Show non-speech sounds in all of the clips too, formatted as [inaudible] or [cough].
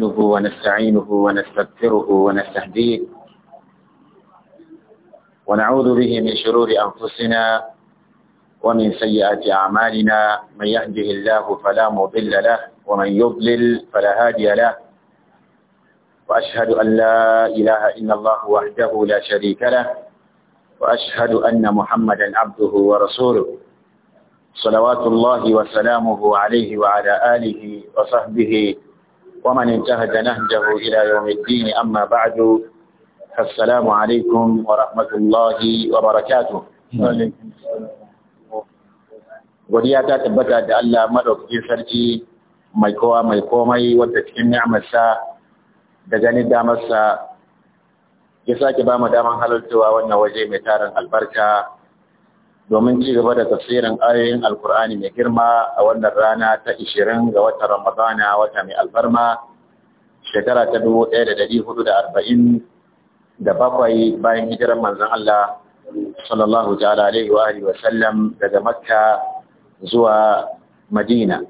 نستعينه ونستعينه ونستغفره ونستهديه ونعوذ به من شرور أنفسنا ومن سيئات أعمالنا من يهده الله فلا مضل له ومن يضلل فلا هادي له وأشهد أن لا إله إلا الله وحده لا شريك له وأشهد أن محمدا عبده ورسوله صلوات الله وسلامه عليه وعلى آله وصحبه ومن انتهج نهجه إلى يوم الدين أما بعد فالسلام عليكم ورحمة الله وبركاته godiya ta tabbata da Allah madaukakin sarki mai kowa mai komai wadda cikin ni'amarsa da ganin damarsa ya sake ba mu daman halartawa wannan waje mai tarin albarka domin ci gaba da tafsirin ayoyin alkur'ani mai girma a wannan rana ta 20 ga watan ramadana wata mai alfarma shekara ta 1447 da bakwai bayan hijiran manzan Allah sallallahu ta'ala alaihi wa alihi wa sallam daga makka zuwa madina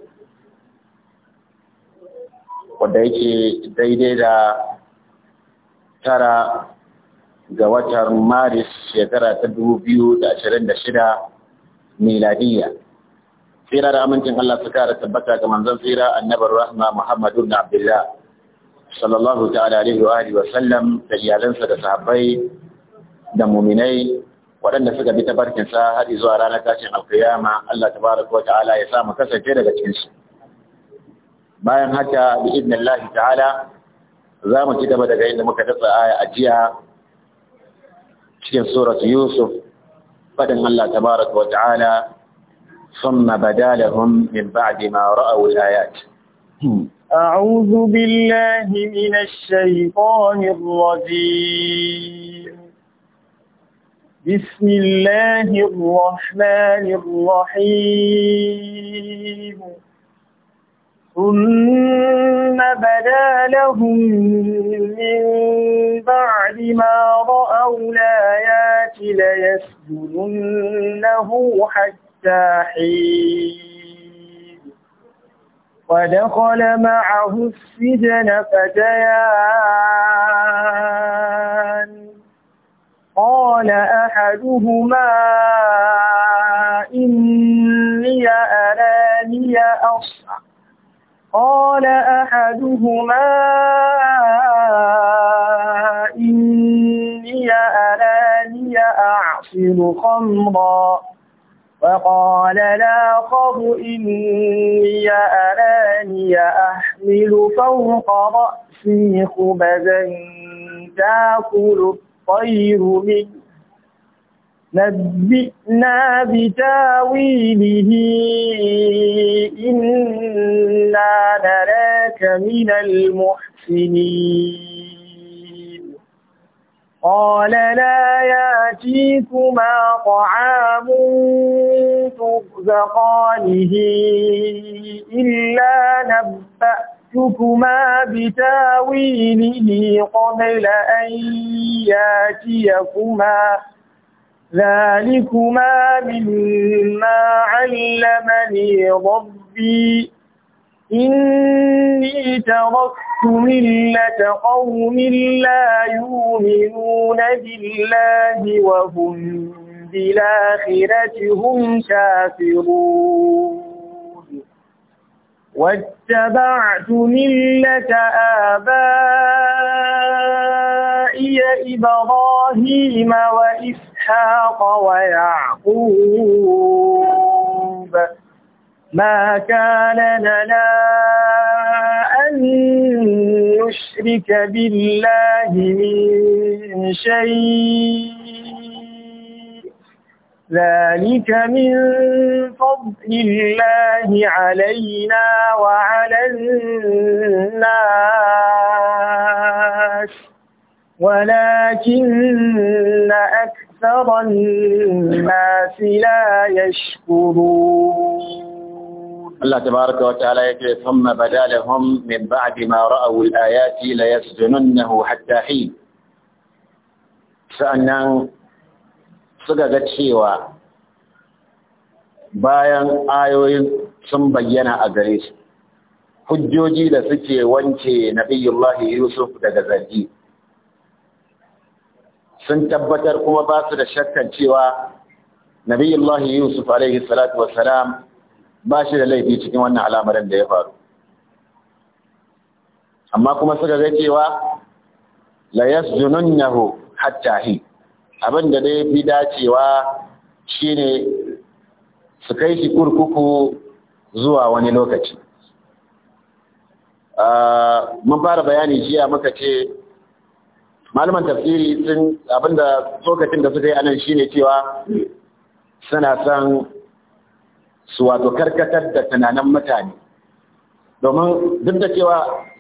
wanda yake daidai da tara ga watan Maris shekara ta 2026 miladiyya. Tsira da amincin Allah su kara tabbata ga manzon tsira annabar rahma Muhammadu na Abdullah sallallahu ta'ala alaihi wa alihi wa sallam da iyalansa da sahabbai da muminai waɗanda suka bi tabarkinsa sa har zuwa ranar tashin alkiyama Allah tabaraka wa ta'ala ya samu kasance daga cikin su. Bayan haka bi Allah ta'ala za mu ci gaba daga yadda muka datsa aya a jiya cikin surat Yusuf faɗin Allah tabaraka wa ta'ala ثم بدا لهم من بعد ما رأوا الآيات أعوذ بالله من الشيطان الرجيم بسم الله الرحمن الرحيم ثم بدا لهم من بعد ما رأوا الآيات ليسجننه حتى حين ودخل معه السجن فتيان قال أحدهما إني أراني أصعب قال أحدهما إني أراني أعصر خمرا فقال لا خض إني أراني أحمل فوق رأسي خبزا تأكل الطير منه نبئنا بتاويله إنا نراك من المحسنين قال لا ياتيكما طعام ترزقانه إلا نبأتكما بتاويله قبل أن ياتيكما ذلكما مما علمني ربي إني تركت ملة قوم لا يؤمنون بالله وهم بالآخرة هم كافرون واتبعت ملة آبائي إبراهيم وإسحاق إسحاق ويعقوب ما كان لنا أن نشرك بالله من شيء ذلك من فضل الله علينا وعلى الناس ولكن أكثر الناس لا يشكرون الله تبارك وتعالى يقول ثم بدا لهم من بعد ما رأوا الآيات ليسجننه حتى حين sa'annan suka ga cewa bayan ayoyin sun bayyana a gare su hujjoji da suke wance nabiyullahi yusuf daga zargi sun tabbatar kuma ba su da shakkan cewa Allah yusuf alaihi salatu salam, ba shi da laifi cikin wannan al'amarin da ya faru amma kuma suka zai cewa la yasjununnahu hatta hi abin da dai fi dacewa shine su kai shi kurkuku zuwa wani lokaci ah, mun fara bayani jiya muka ce malaman tafsiri sun abinda tsokacin da suka yi anan shine cewa suna son su wato karkatar da tunanin mutane domin duk da cewa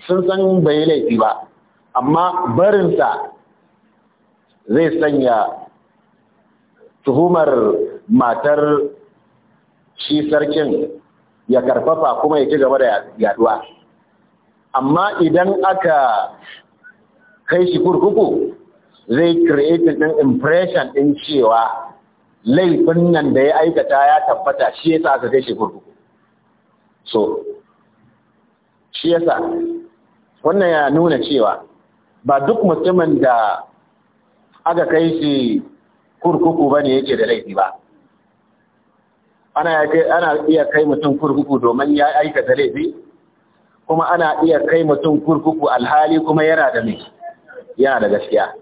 sun san bai laifi ba amma barinsa zai sanya tuhumar matar shi sarkin ya karfafa kuma ya ci gaba da yaduwa amma idan aka kai shi kurkuku zai kreatin ɗin impression ɗin cewa laifin nan da ya aikata ya tabbata shi ya sa aka kai shi kurkuku so shi ya sa, wannan ya nuna cewa ba duk mutumin da aka kai shi kurkuku ba ne yake da laifi ba ana iya kai mutum kurkuku domin ya aikata laifi kuma ana iya kai mutum kurkuku alhali kuma yana da mai yana da gaskiya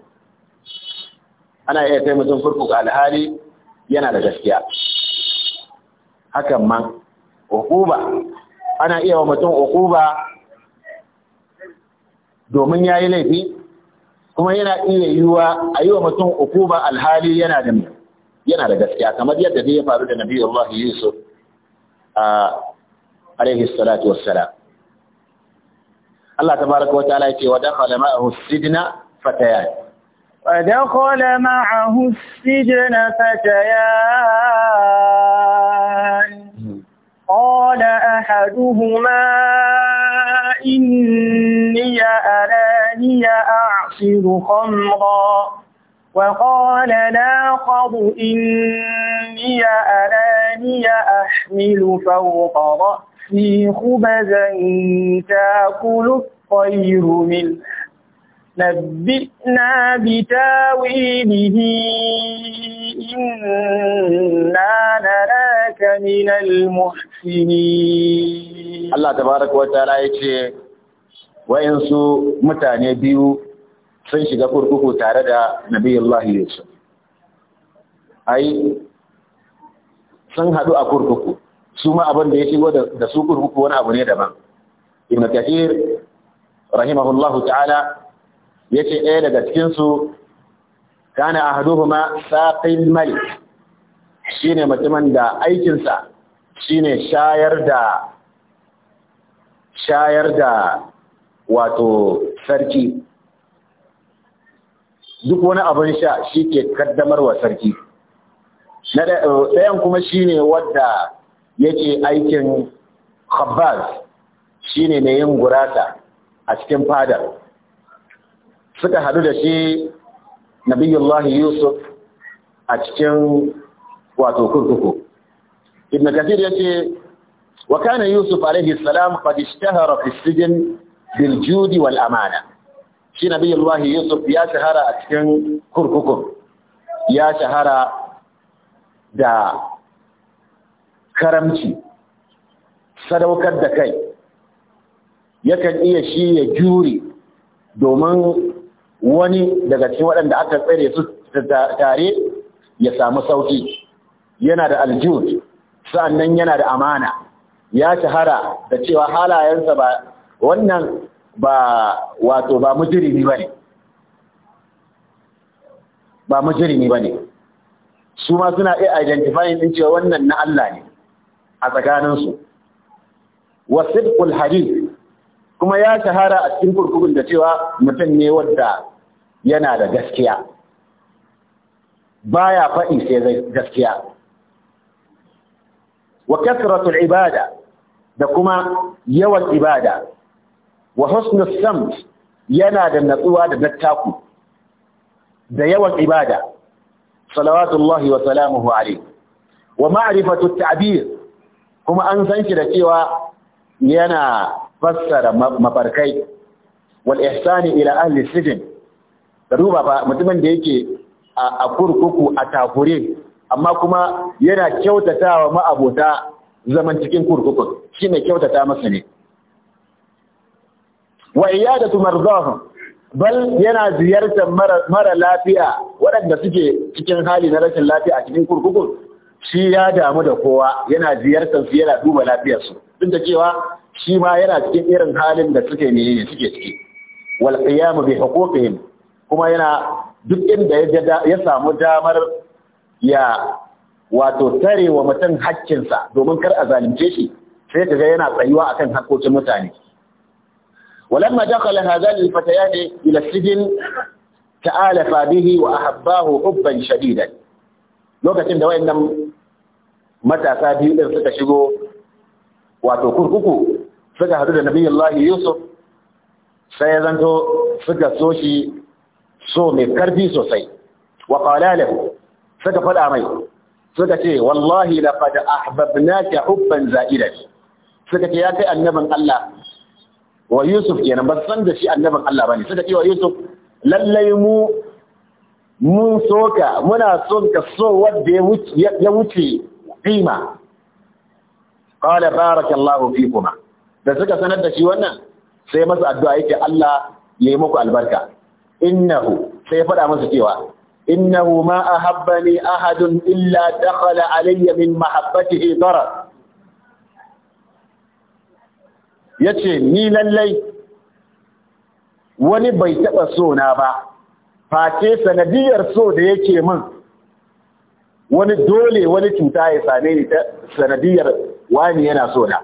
ana iya kai mutum furfuk alhali yana da gaskiya hakan ma hukuba ana iya wa mutum hukuba domin ya yi laifi kuma yana iya yiwa a yi wa mutum hukuba alhali yana da yana da gaskiya kamar yadda zai ya faru da nabi Allah Yusuf a alaihi salatu wassalam Allah tabaraka wa ta'ala yake wa dakhala ma'ahu sidna فتيان ودخل معه السجن فتيان قال أحدهما إني أراني أعصر خمرا وقال قض إني أراني أحمل فوق رأسي خبزا تأكل الطير منه نبئنا بتاويله إنا نراك Allah Ta الله تبارك وتعالى ce, wa'insu mutane biyu sun shiga kurkuku tare da nabiyullahi Yesu. ai sun haɗu a kurkuku su ma abin da ya shigo da su kurkuku wani abu ne daban ibn kathir rahimahullahu ta'ala yake ɗaya daga cikin su kana saƙin mai shi ne mutumin da aikinsa shi ne shayar da wato sarki duk wani abin sha shi ke kaddamarwa sarki eh, ɗayan kuma shi ne wadda yake aikin khabbaz shi ne yin gurasa a cikin fadar suka haɗu da shi nabiyullahi yusuf a cikin wato kurkuku ibn kathir ce wa kana yusuf alaihi salam qad ishtahara fi sijn bil judi wal amana shi nabiyullahi yusuf ya shahara a cikin kurkuku ya shahara da karamci sadaukar da kai yakan iya shi ya juri domin wani daga cikin waɗanda aka tsare su tare ya samu sauki yana da aljud sannan yana da amana ya shahara da cewa halayensa ba wannan ba wato ba mujirimi bane ba mujirimi bane su ma suna iya identifying din cewa wannan na Allah ne a tsakaninsu wasidqul hadith kuma ya shahara a cikin kurkukun da cewa mutum ne wadda yana da gaskiya baya faɗi sai gaskiya wa kasratul ibada da kuma yawan ibada wa husnus samt yana da natsuwa da dattaku da yawan ibada salawatullahi wa salamuhu alayhi wa ma'rifatu ta'bir kuma an san shi da cewa yana fassara mafarkai wal ihsani ila ahli sijin da duba mutumin da yake a kurkuku a takure amma kuma yana kyautatawa ma'abota zaman cikin kurkukun shine kyautata masa ne wa iyadatu marzahum bal yana ziyartar mara lafiya waɗanda suke cikin hali na rashin lafiya a cikin kurkuku shi ya damu da kowa yana ziyartar su yana duba lafiyarsu duk da cewa shi ma yana cikin irin halin da suke ne suke ciki wal qiyam bi huquqihim kuma yana duk inda ya samu damar ya wato tare wa mutum haƙƙinsa domin kar a zalunce shi sai kaga yana tsayuwa akan haƙƙoƙin mutane ولما دخل هذان الفتيان إلى السجن تآلف به وأحباه حبا شديدا لوكتين دوائن متى سابيو إن سكشغو واتو كركوكو suka haɗu da nabi Allah Yusuf sai ya zanto suka so shi so mai ƙarfi sosai wa qala lahu suka faɗa mai suka ce wallahi laqad ahbabnaka hubban za'idar. suka ce ya kai annabin Allah wa Yusuf kenan ba san da shi annabin Allah bane suka ce wa Yusuf lallai mu mun soka muna son ka so wanda ya wuce kima qala barakallahu kuma. da suka sanar da shi wannan sai masa addu'a yake Allah ya yi muku albarka innahu sai faɗa masa cewa innahu ma ahabbani ahadun illa dakhala alayya min mahabbatihi Ya yace ni lallai wani bai taɓa sona ba face sanadiyar so da yake min wani dole wani cuta ya same ni ta sanadiyar wani yana sona.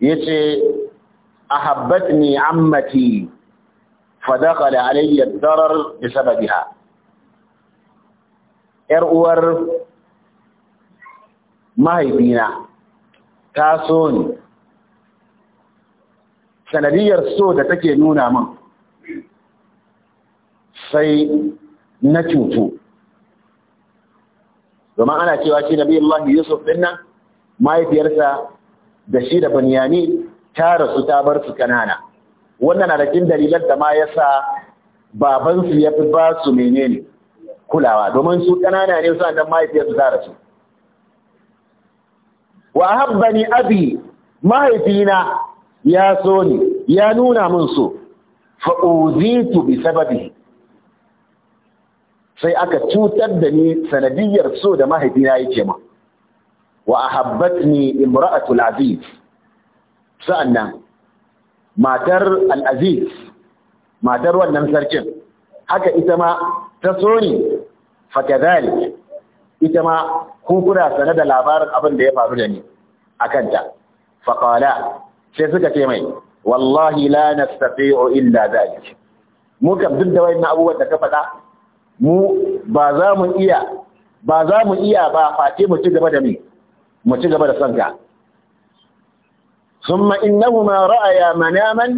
yace ahabbatni ammati fa dakhala alayya ad-darar bi sababiha yar uwar mahaifina ta so ni sanadiyar so da take nuna min sai na cutu domin ana cewa shi nabi Allah Yusuf din nan mahaifiyarsa da shi da Bunyani ta rasu ta bar su kanana wannan na da cikin dalilan da ma yasa babansu ya fi ba su menene kulawa domin su kanana ne su dan mahaifiyarsu ta rasu wa habbani abi mahaifina ya so ni ya nuna min so fa uzitu bi sababi sai aka cutar da ni sanadiyar so da mahaifina yake min wa ahabbatni imra'atul aziz sa'annan matar al-aziz matar wannan sarkin haka ita ma ta so ni fakadhalik ita ma ku sane da labarin abin da ya faru da ni akan ta faqala sai suka ce mai wallahi la nastati'u illa dhalik mu kam duk da abubuwan da ka faɗa mu ba za mu iya ba za mu iya ba mu ci gaba da ni mu ci gaba da sanka ka summa innahuma ra'aya manaman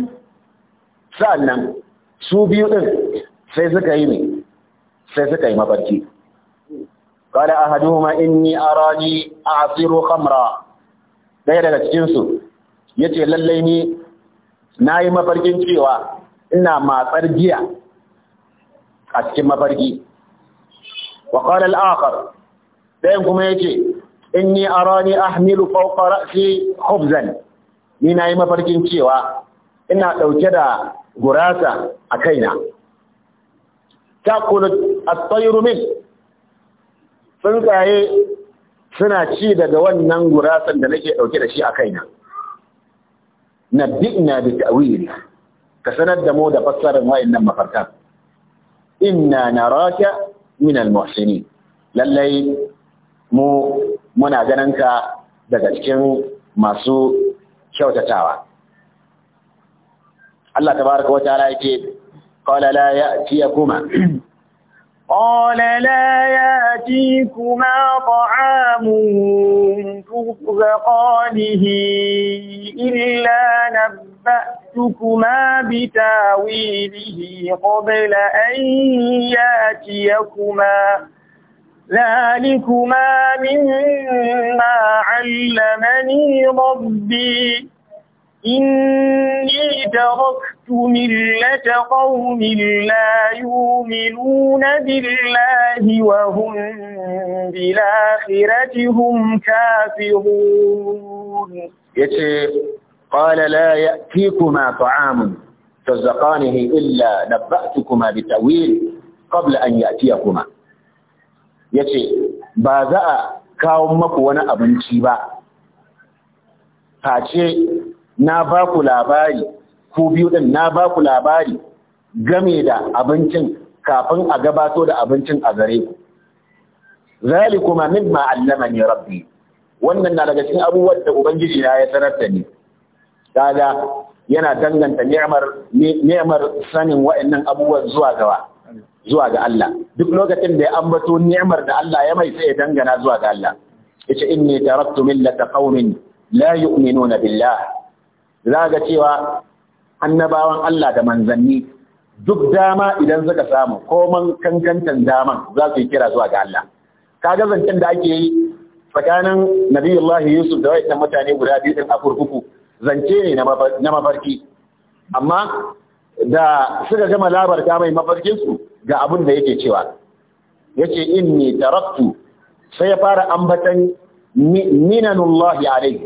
sa'annan su biyu din sai suka yi ne sai suka yi mafarki qala ahaduhuma inni arani a'siru khamra daya daga cikin su yace lalle ni nayi mafarkin cewa ina matsar giya a cikin mafarki wa qala al-akhar dayan kuma yace inni arani ahmilu fawqa ra'si khubzan ni nayi mafarkin cewa ina dauke da gurasa a kaina takulu at-tayru min tsuntsaye suna ci daga wannan gurasan da nake dauke da shi a kaina nabbi'na bi ta'wili ka sanar da mu da fassarar wayannan mafarkan inna naraka min al-muhsinin lallai mu muna ganin ka daga cikin masu kyautatawa Allah tabaraka wata'ala yake ya la kuma [clears throat] qala la ya'tiyakuma ta'amun tuzqanihi illa nabba'tukuma bitawilihi qabla an kuma. ذلكما مما علمني ربي إني تركت ملة قوم لا يؤمنون بالله وهم بالآخرة هم كافرون يتي قال لا يأتيكما طعام ترزقانه إلا نبأتكما بتأويل قبل أن يأتيكما ya ce ba za a kawo maku wani abinci ba face na ba ku labari ku biyu din na ba ku labari game da abincin kafin a gabato da abincin a gare ku zalikuma mimma allamani rabbi wannan na daga cikin abubuwan da ubangiji na ya sanar da ni kaga yana danganta ni'mar sanin wa'annan abubuwan zuwa gaba zuwa ga Allah duk lokacin da ya ambato ni'imar da Allah ya mai sai ya dangana zuwa ga Allah yace inni taraktu millata qaumin la yu'minuna billah zaga cewa annabawan Allah da manzanni duk dama idan suka samu koman kankantan daman za su kira zuwa ga Allah kaga zancen da ake yi tsakanin nabiyullahi yusuf da wayannan mutane guda biyu din a kurkuku zance ne na mafarki amma da suka gama labarta mai mafarkinsu ga abin da yake cewa yace inni taraktu sai ya fara ambatan minanullahi alai.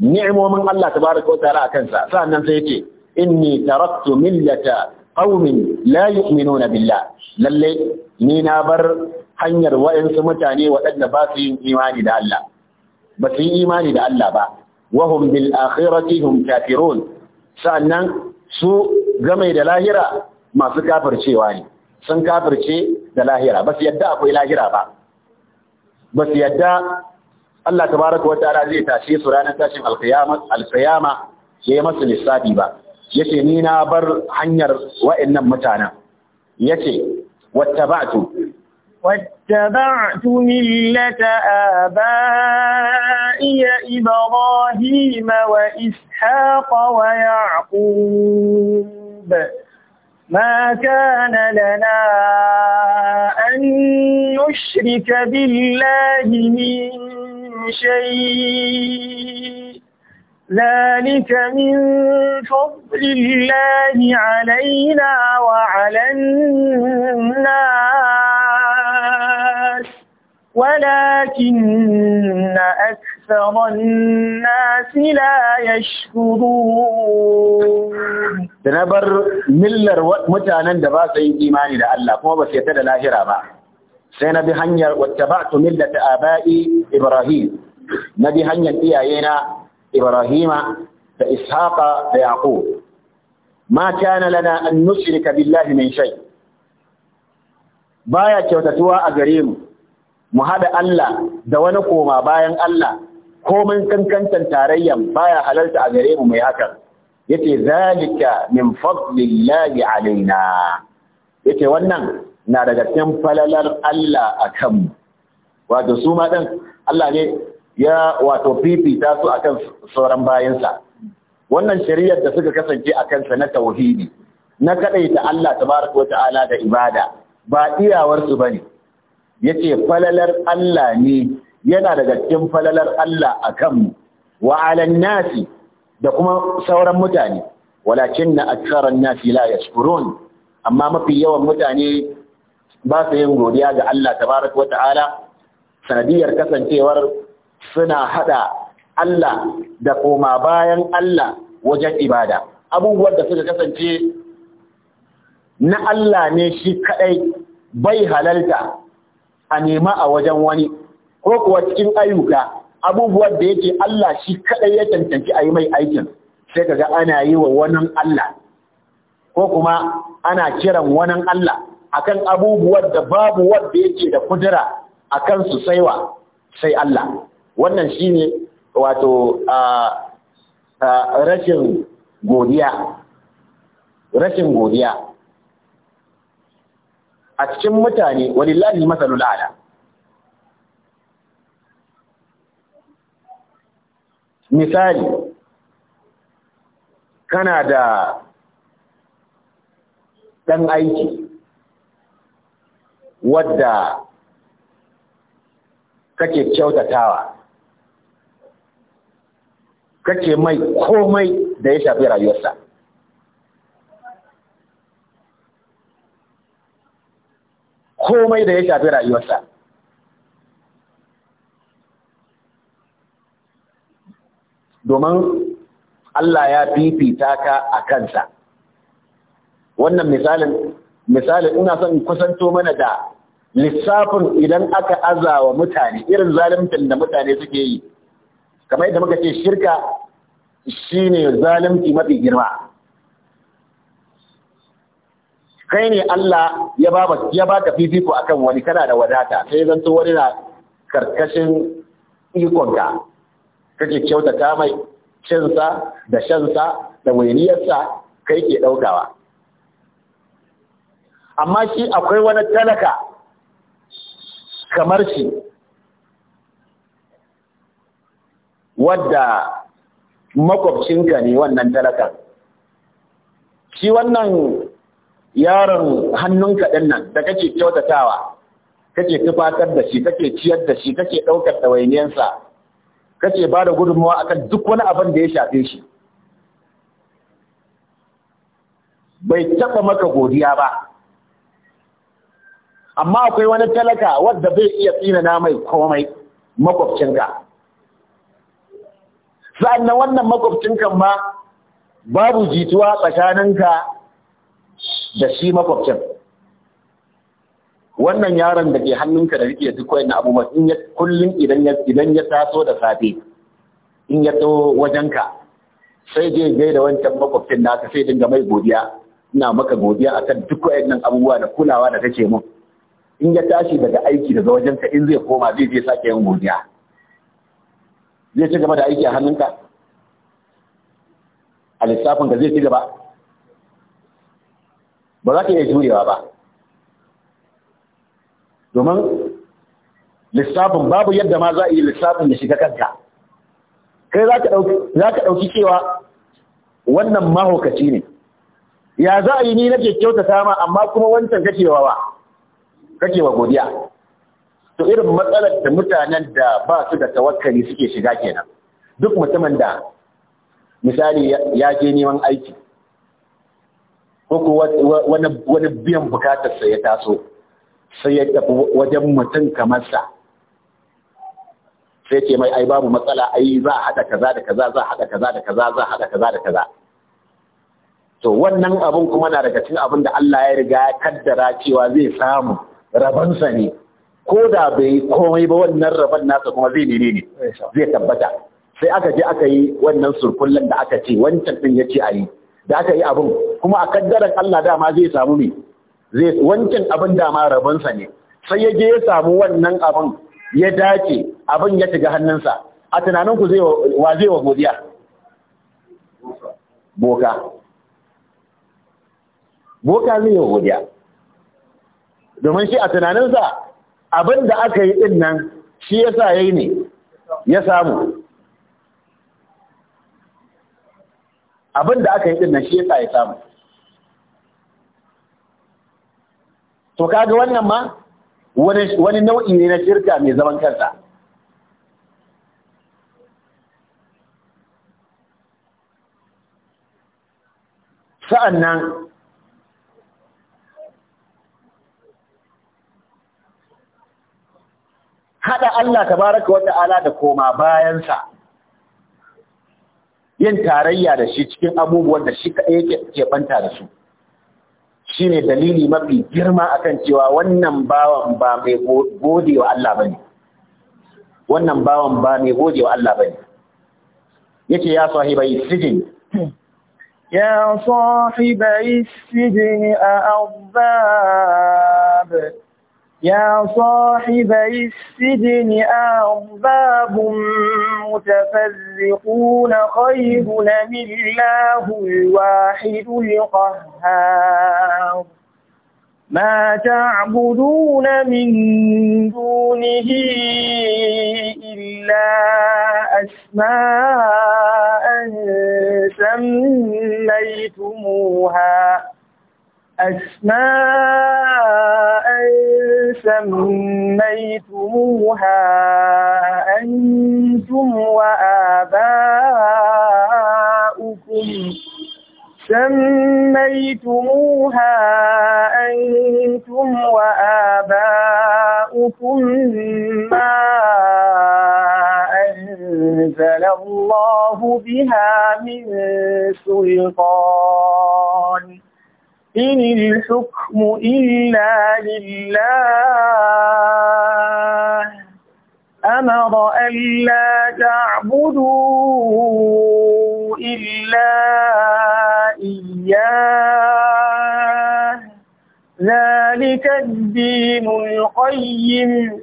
ni'imomin Allah tabaraka wa ta'ala akan sa sannan sai yace inni taraktu millata qaumin la yu'minuna billah lalle ni na bar hanyar waansu mutane waɗanda ba su yin imani da Allah ba su yi imani da Allah ba wahum bil akhirati hum kafirun sannan su game da lahira masu kafircewa ne sun kafirce da lahira ba su yadda akwai lahira ba ba su yadda Allah tabaraka wata'ala zai tashe su ranar tashin alkiyama ya yi masu lissafi ba ce ni na bar hanyar wa'annan mutanen yace wattaba'tu واتبعت ملة wa إبراهيم wa ويعقوب ما كان لنا أن نشرك بالله من شيء ذلك من فضل الله علينا وعلى الناس ولكن أكثر الناس لا يشكرون تنبر ملر متانا دبا سيد إيماني دا الله كما بس يتدى لا هرا ما سينا بهنيا واتبعت ملة آبائي إبراهيم نبي هنيا إيانا إبراهيم فإسحاق فيعقوب ما كان لنا أن نشرك بالله من شيء بايا كيوتتوا أجريمه mu haɗa Allah da wani koma bayan Allah komin kankantan tarayyan baya halarta a gare mu mai hakan yace zalika min fadlillahi alaina yace wannan na daga cikin falalar Allah akan mu wato su ma dan Allah ne ya wato fifita su akan sauran bayansa wannan shari'ar da suka kasance a kansa na tauhidi na kaɗaita Allah tabaraka da ibada ba iyawarsu ba ne Ya ce falalar Allah ne yana daga cikin falalar Allah akan mu wa 'alan nasi da kuma sauran mutane walakin na aksarar nasi la yashkurun amma mafi yawan mutane ba su yin godiya ga Allah tabaraka wa ta'ala sanadiyar kasancewar suna hada Allah da koma bayan Allah wajen ibada abubuwan da suka kasance na Allah ne shi kadai bai halalta a nema a wajen wani ko kuwa cikin ayyuka abubuwan da yake Allah shi kaɗai ya cancanci a yi mai aikin sai ga ana yi wa wani Allah ko kuma ana kiran wani Allah akan abubuwan da babu wanda yake da kudura akan su saiwa sai Allah wannan shine wato rashin godiya rashin godiya a cikin mutane walillahi masalul ala misali kana da ɗan aiki wadda kake kyautatawa kake mai komai da ya shafi rayuwarsa komai da ya shafi rayuwarsa domin Allah ya fifita ka a kansa wannan misalin misalin ina son kusanto mana da lissafin idan aka azawa mutane irin zalimtin da mutane suke yi kamar yadda muka ce shirka shi ne zalimci mafi girma kai ne Allah ya ba ya ba ka fifiko akan wani kana da wadata sai zan zanto wani na karkashin ikonka kake ta mai cinsa da shansa da wainiyarsa kai ke ɗaukawa amma shi akwai wani talaka kamar shi wadda makwabcinka ne wannan talakan shi wannan yaron hannunka ɗin nan da kake kyautatawa kake tufatar da shi kake ciyar da shi kake ɗaukar ɗawainiyarsa kake ba da gudunmawa akan duk wani abin da ya shafe shi bai taɓa maka godiya ba amma akwai wani talaka wadda bai iya tsinana mai komai makwabcinka sa'an nan wannan makwabcinkan ma babu jituwa tsakaninka da shi makwabcin wannan yaron da ke hannunka da rike duk wayan abubuwa in ya kullum idan ya idan ya taso da safe in ya to wajenka sai je je da wancan makwabcin naka sai dinga mai godiya ina maka godiya akan duk wayannan abubuwa da kulawa da kake mun in ya tashi daga aiki daga wajenka in zai koma zai je sake yin godiya zai ci gaba da aiki a hannunka a lissafin ka zai ci gaba ba za ka iya jurewa ba domin lissafin babu yadda ma za a yi lissafin da shiga kanka kai za ka ɗauki cewa wannan mahaukaci ne ya za a yi ni nake kyauta sama, amma kuma wancan kakewa ba kakewa godiya to irin matsalar da mutanen da ba su da tawakkali suke shiga kenan duk mutumin da misali ya je neman aiki ko ko wani biyan sai ya taso sai ya tafi wajen mutum kamar sa sai ce mai ai babu matsala ai za a haɗa kaza da kaza za a haɗa kaza da kaza za a haɗa kaza da kaza to wannan abun kuma na daga cikin abin da Allah ya riga ya kaddara cewa zai samu rabansa ne ko da bai komai ba wannan raban nasa kuma zai nene ne zai tabbata sai aka je aka yi wannan surkullen da aka ce wancan din ya ce a yi da aka yi abin kuma a kaddaran Allah dama zai samu ne zai wancan abin dama rabonsa ne sai ya je ya samu wannan abin ya dace abin ya shiga hannunsa a tunanin ku zai wa zai wa godiya boka boka zai wa godiya domin shi a tunaninsa abin da aka yi din nan shi yasa yayi ne ya samu abin da aka yi din nan shi yasa ya samu to kaga wannan ma wani nau'i ne na shirka mai zaman kansa sa'an nan haɗa Allah tabaraka wa ta'ala da koma bayansa yin tarayya da shi cikin abubuwan da shi kaɗai yake keɓanta da su shi ne dalili mafi girma akan cewa wannan bawan ba mai gode wa Allah ba ne wannan bawan ba mai gode wa Allah ba ne yake ya bai sijin [clears throat] ya bai sijin a arbab يا صاحبي السجن أرباب متفرقون خير من الله الواحد القهار ما تعبدون من دونه إلا أسماء سميتموها أسماء سميتموها أنتم وآباؤكم سميتموها أنتم وآباؤكم ما أنزل الله بها من سلطان إن الحكم إلا لله أمر ألا تعبدوا إلا إياه ذلك الدين القيم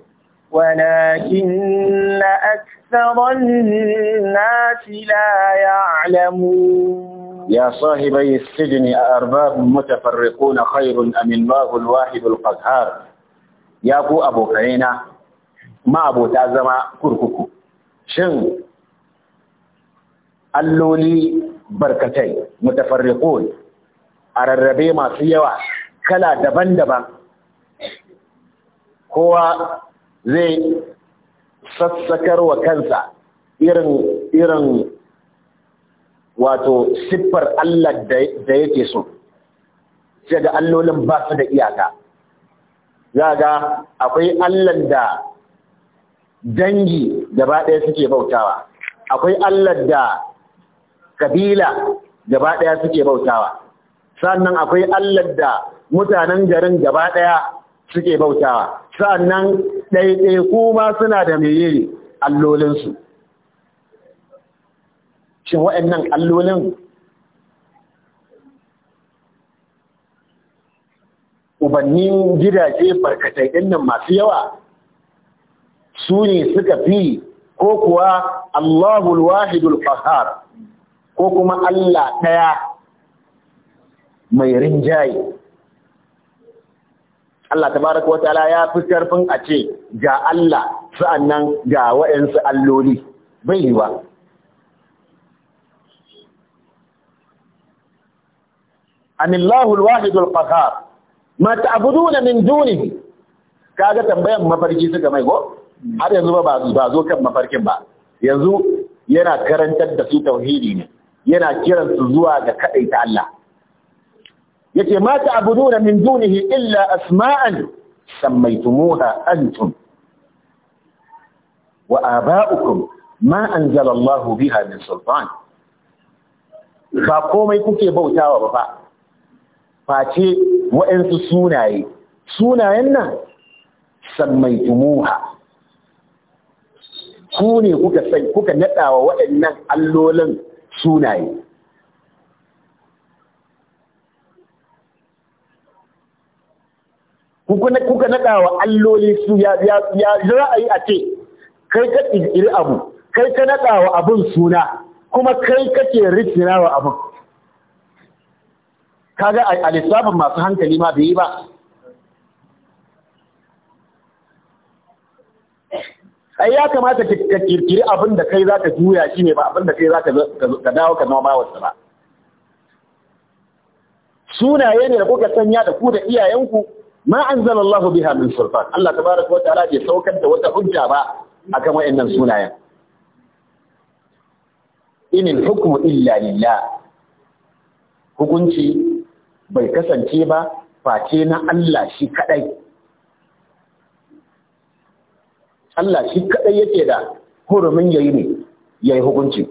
ولكن أكثر الناس لا يعلمون يا صاحبي السجن أأرباب متفرقون خير أم الله الواحد Ya ku أبو أبو كينا ما أبو تازم كركوكو شن alloli barkatai mutafarriqun a rarrabe masu yawa kala daban-daban kowa zai sassakar wa kansa irin irin wato siffar Allah da yake so sai ga allolin ba su da iyaka za ga akwai Allah da dangi gaba ɗaya suke bautawa akwai Allah da kabila gaba ɗaya suke bautawa sannan akwai Allah da mutanen garin gaba ɗaya suke bautawa sannan ɗaiɗaiku ma suna da yi allolinsu shin waɗannan allolin ubannin gidaje barkatai ɗin nan masu yawa su ne suka fi ko kuwa Allahul wahidul fahar ko kuma Allah ɗaya mai rinjaye Allah Ta baraka wata ala ya fi karfin a ce ga Allah nan ga waɗansu alloli bai yiwa anillahul wahidul qahar ma ta'buduna min dunihi kaga tambayan mafarki suka mai go har yanzu ba ba zo kan mafarkin ba yanzu yana karantar da su tauhidi ne yana kiran su zuwa ga kadaita Allah yace ma ta'buduna min dunihi illa asma'an sammaytumuha antum wa aba'ukum ma anzala Allahu biha min sultan ba komai kuke bautawa ba face waɗansu sunaye sunayen nan tumuha. ku ne kuka sai kuka wa waɗannan allolin sunaye kuka nadawa alloli su ya ra'ayi a ce kai ka ƙirƙiri abu kai ka wa abun suna kuma kai kake rikina wa abun kaga a lissafin masu hankali ma bai yi ba ai ya kamata ka kirkiri abin da kai za ka juya shi ne ba abin da kai za ka dawo ka noma wasu ba sunaye ne da kuka sanya da ku da iyayenku ma anzala Allah biha min sulfan Allah tabaraka wa ta'ala bai saukar da wata hujja ba akan waɗannan sunayen inin hukumu illa lillah hukunci bai kasance ba face na Allah shi kadai Allah shi kadai yake da hurumin yayi ne yayi hukunci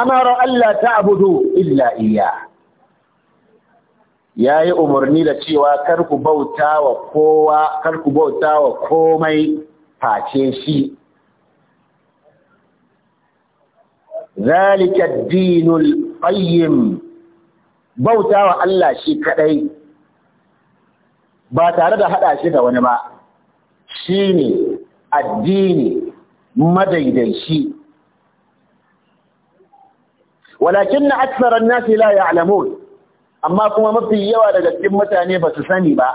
amara Allah ta abudu illa iya ya yi umarni da cewa kar ku bauta wa kowa kar ku bauta wa komai face shi zalika dinul qayyim bautawa Allah shi kadai ba tare da hada shi da wani ba shine addini madaidaici walakin aktharan nasi la ya'lamun amma kuma mafi yawa daga cikin mutane ba su sani ba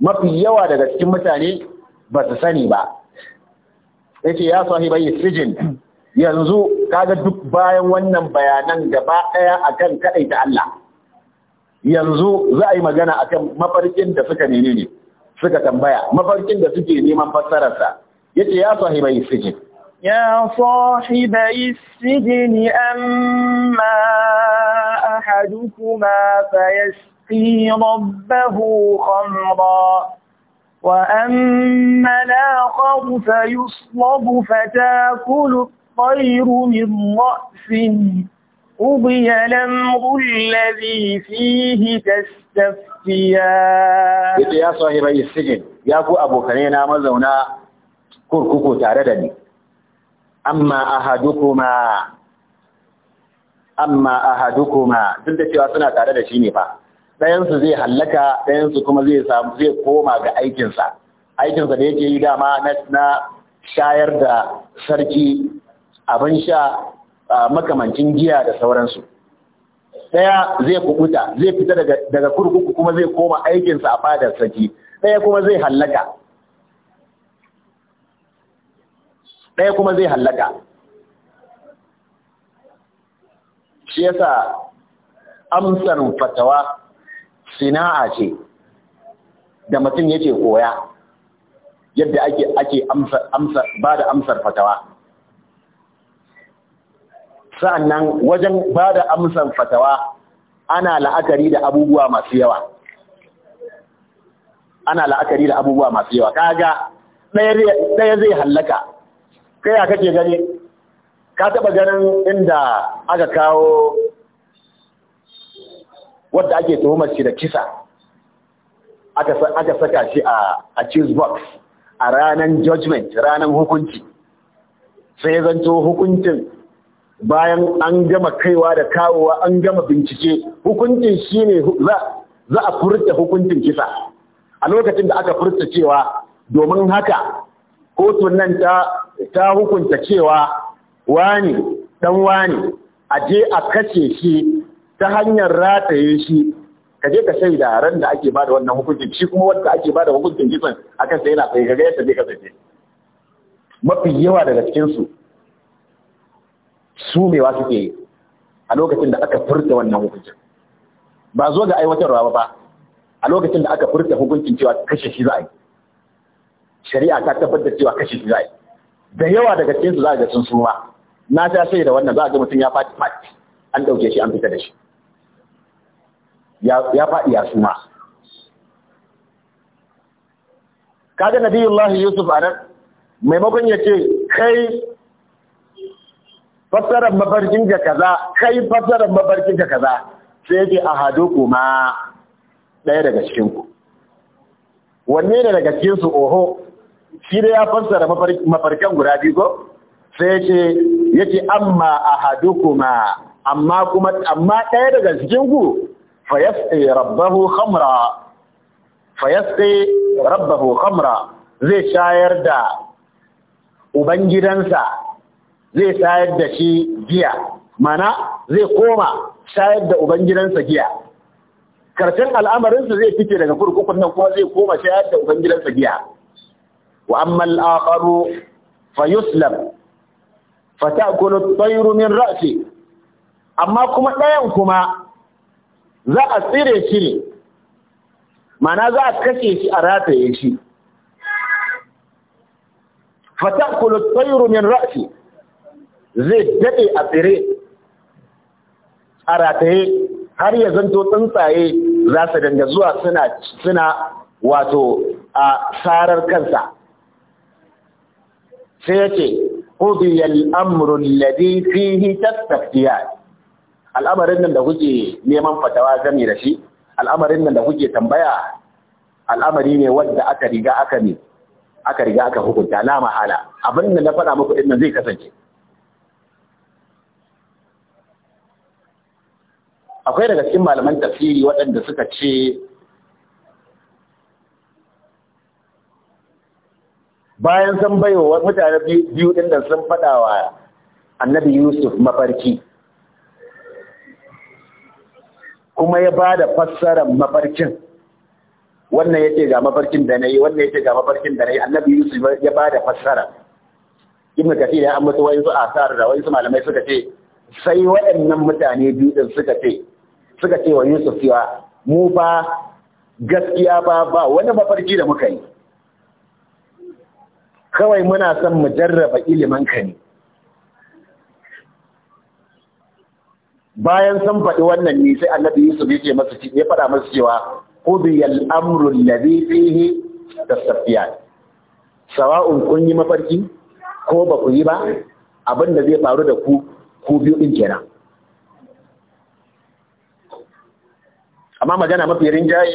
mafi yawa daga cikin mutane ba su sani ba yace ya sahibai sijin yanzu kaga duk bayan wannan bayanan gaba akan kaɗaita Allah yanzu za a yi magana akan mafarkin da suka nene ne suka tambaya mafarkin da suke neman fassararsa yace ya sahibai sijin يا صاحبي السجن أما أحدكما فيسقي ربه خمرا وأما الآخر فيصلب فتاكل الطير من رأسه قضي الأمر الذي فيه تستفتيان يا صاحب السجن يا أبو أبو كرينا مزونا كركوكو تاردني أما أحدكما amma ahadukuma duk da cewa suna tare da shi ne fa ɗayansu zai hallaka su kuma zai samu zai koma ga aikinsa aikinsa da yake yi dama na shayar da sarki abin sha makamancin giya da sauransu ɗaya zai kukuta zai fita daga kurkuku kuma zai koma aikinsa a fadar saki ɗaya kuma zai hallaka Daya kuma zai hallaka shi yasa amsar fatawa sina'a ce da mutum yake koya yadda ake ake amsar ba da amsar fatawa sa'annan wajen ba da amsan fatawa ana la'akari da abubuwa masu yawa ana la'akari da abubuwa masu yawa kaga ɗaya zai hallaka kai a kake gani ka taɓa ganin inda aka kawo wadda ake tuhumar shi da kisa aka saka shi a cheese box a ranar judgment ranar hukunci sai zanto hukuncin bayan an gama kaiwa da kawowa an gama bincike hukuncin ne za a furta hukuncin kisa a lokacin da aka furta cewa domin haka kotun nan ta hukunta cewa wani dan wani a je a kashe shi ta hanyar rataye shi ka je ka shaida ran da ake bada wannan hukuncin shi kuma wanda ake bada hukuncin kisan akan sai yana tsaye kaga yadda zai kasance mafi yawa daga cikinsu. su sumewa suke yi a lokacin da aka furta wannan hukuncin ba zo ga aiwatarwa ba a lokacin da aka furta hukuncin cewa kashe shi za a yi shari'a ta tabbatar cewa kashe shi za a yi da yawa daga cikinsu za a ga sun suma na ta sai da wannan za a ga mutum ya faɗi faɗi an ɗauke shi an fita da shi ya faɗi ya suma kaga nabiyullahi yusuf a nan maimakon ya ce kai fassarar mafarkin ka kaza kai fassarar mafarkin ka kaza sai yake a hado kuma ɗaya daga cikin ku wanne ne daga cikin su oho shi da ya fassara mafarkin guda biyu ko sai yake yake amma kuma amma kuma amma ɗaya daga cikin ku fa yasqi rabbahu khamra fa yasqi rabbahu khamra zai shayar da ubangidansa zai sayar da shi giya mana zai koma sayar da ubangidansa giya karshen al'amarinsa zai fice daga kurkukun nan kuma zai koma sayar da ubangidansa giya wa ammal al'akaru fa yuslam fa ta'kulu at-tayru min ra'si amma kuma ɗayan kuma za a tsire shi ne mana za a kashe shi a rataye shi at-tayru min ra'si zai daɗe a tsire a rataye har ya zanto tsuntsaye za su danga zuwa suna suna wato a sarar kansa sai yake qudiyal amru yi fihi tafiya. al'amarin nan da kuke neman fatawa game da shi al'amarin nan da kuke tambaya al'amari ne wanda aka riga aka ne aka riga aka hukunta na mahala abin da na faɗa muku ɗinnan zai kasance akwai daga cikin malaman tafsiri waɗanda suka ce bayan san baiwa mutane biyu ɗin da sun faɗa wa annabi yusuf mafarki kuma ya ba da fassarar mafarkin wannan ya ce ga mafarkin da na yi wannan ya ce ga mafarkin da na yi annabi yusuf ya ba da fassara ibn kafir ya ambata a sa'ar da wayansu malamai suka ce sai waɗannan mutane biyu ɗin suka ce suka ce wa Yusuf cewa mu ba gaskiya ba ba wani mafarki da muka yi kawai muna son mu jarraba ilimin ka ne bayan sun faɗi wannan ne sai annabi Yusuf ya ce ya faɗa masa cewa al amru alladhi fihi tasafiyan sawa'un kun yi mafarki ko ba ku yi ba abin da zai faru da ku ku biyu din kenan amma magana mafi rinjaye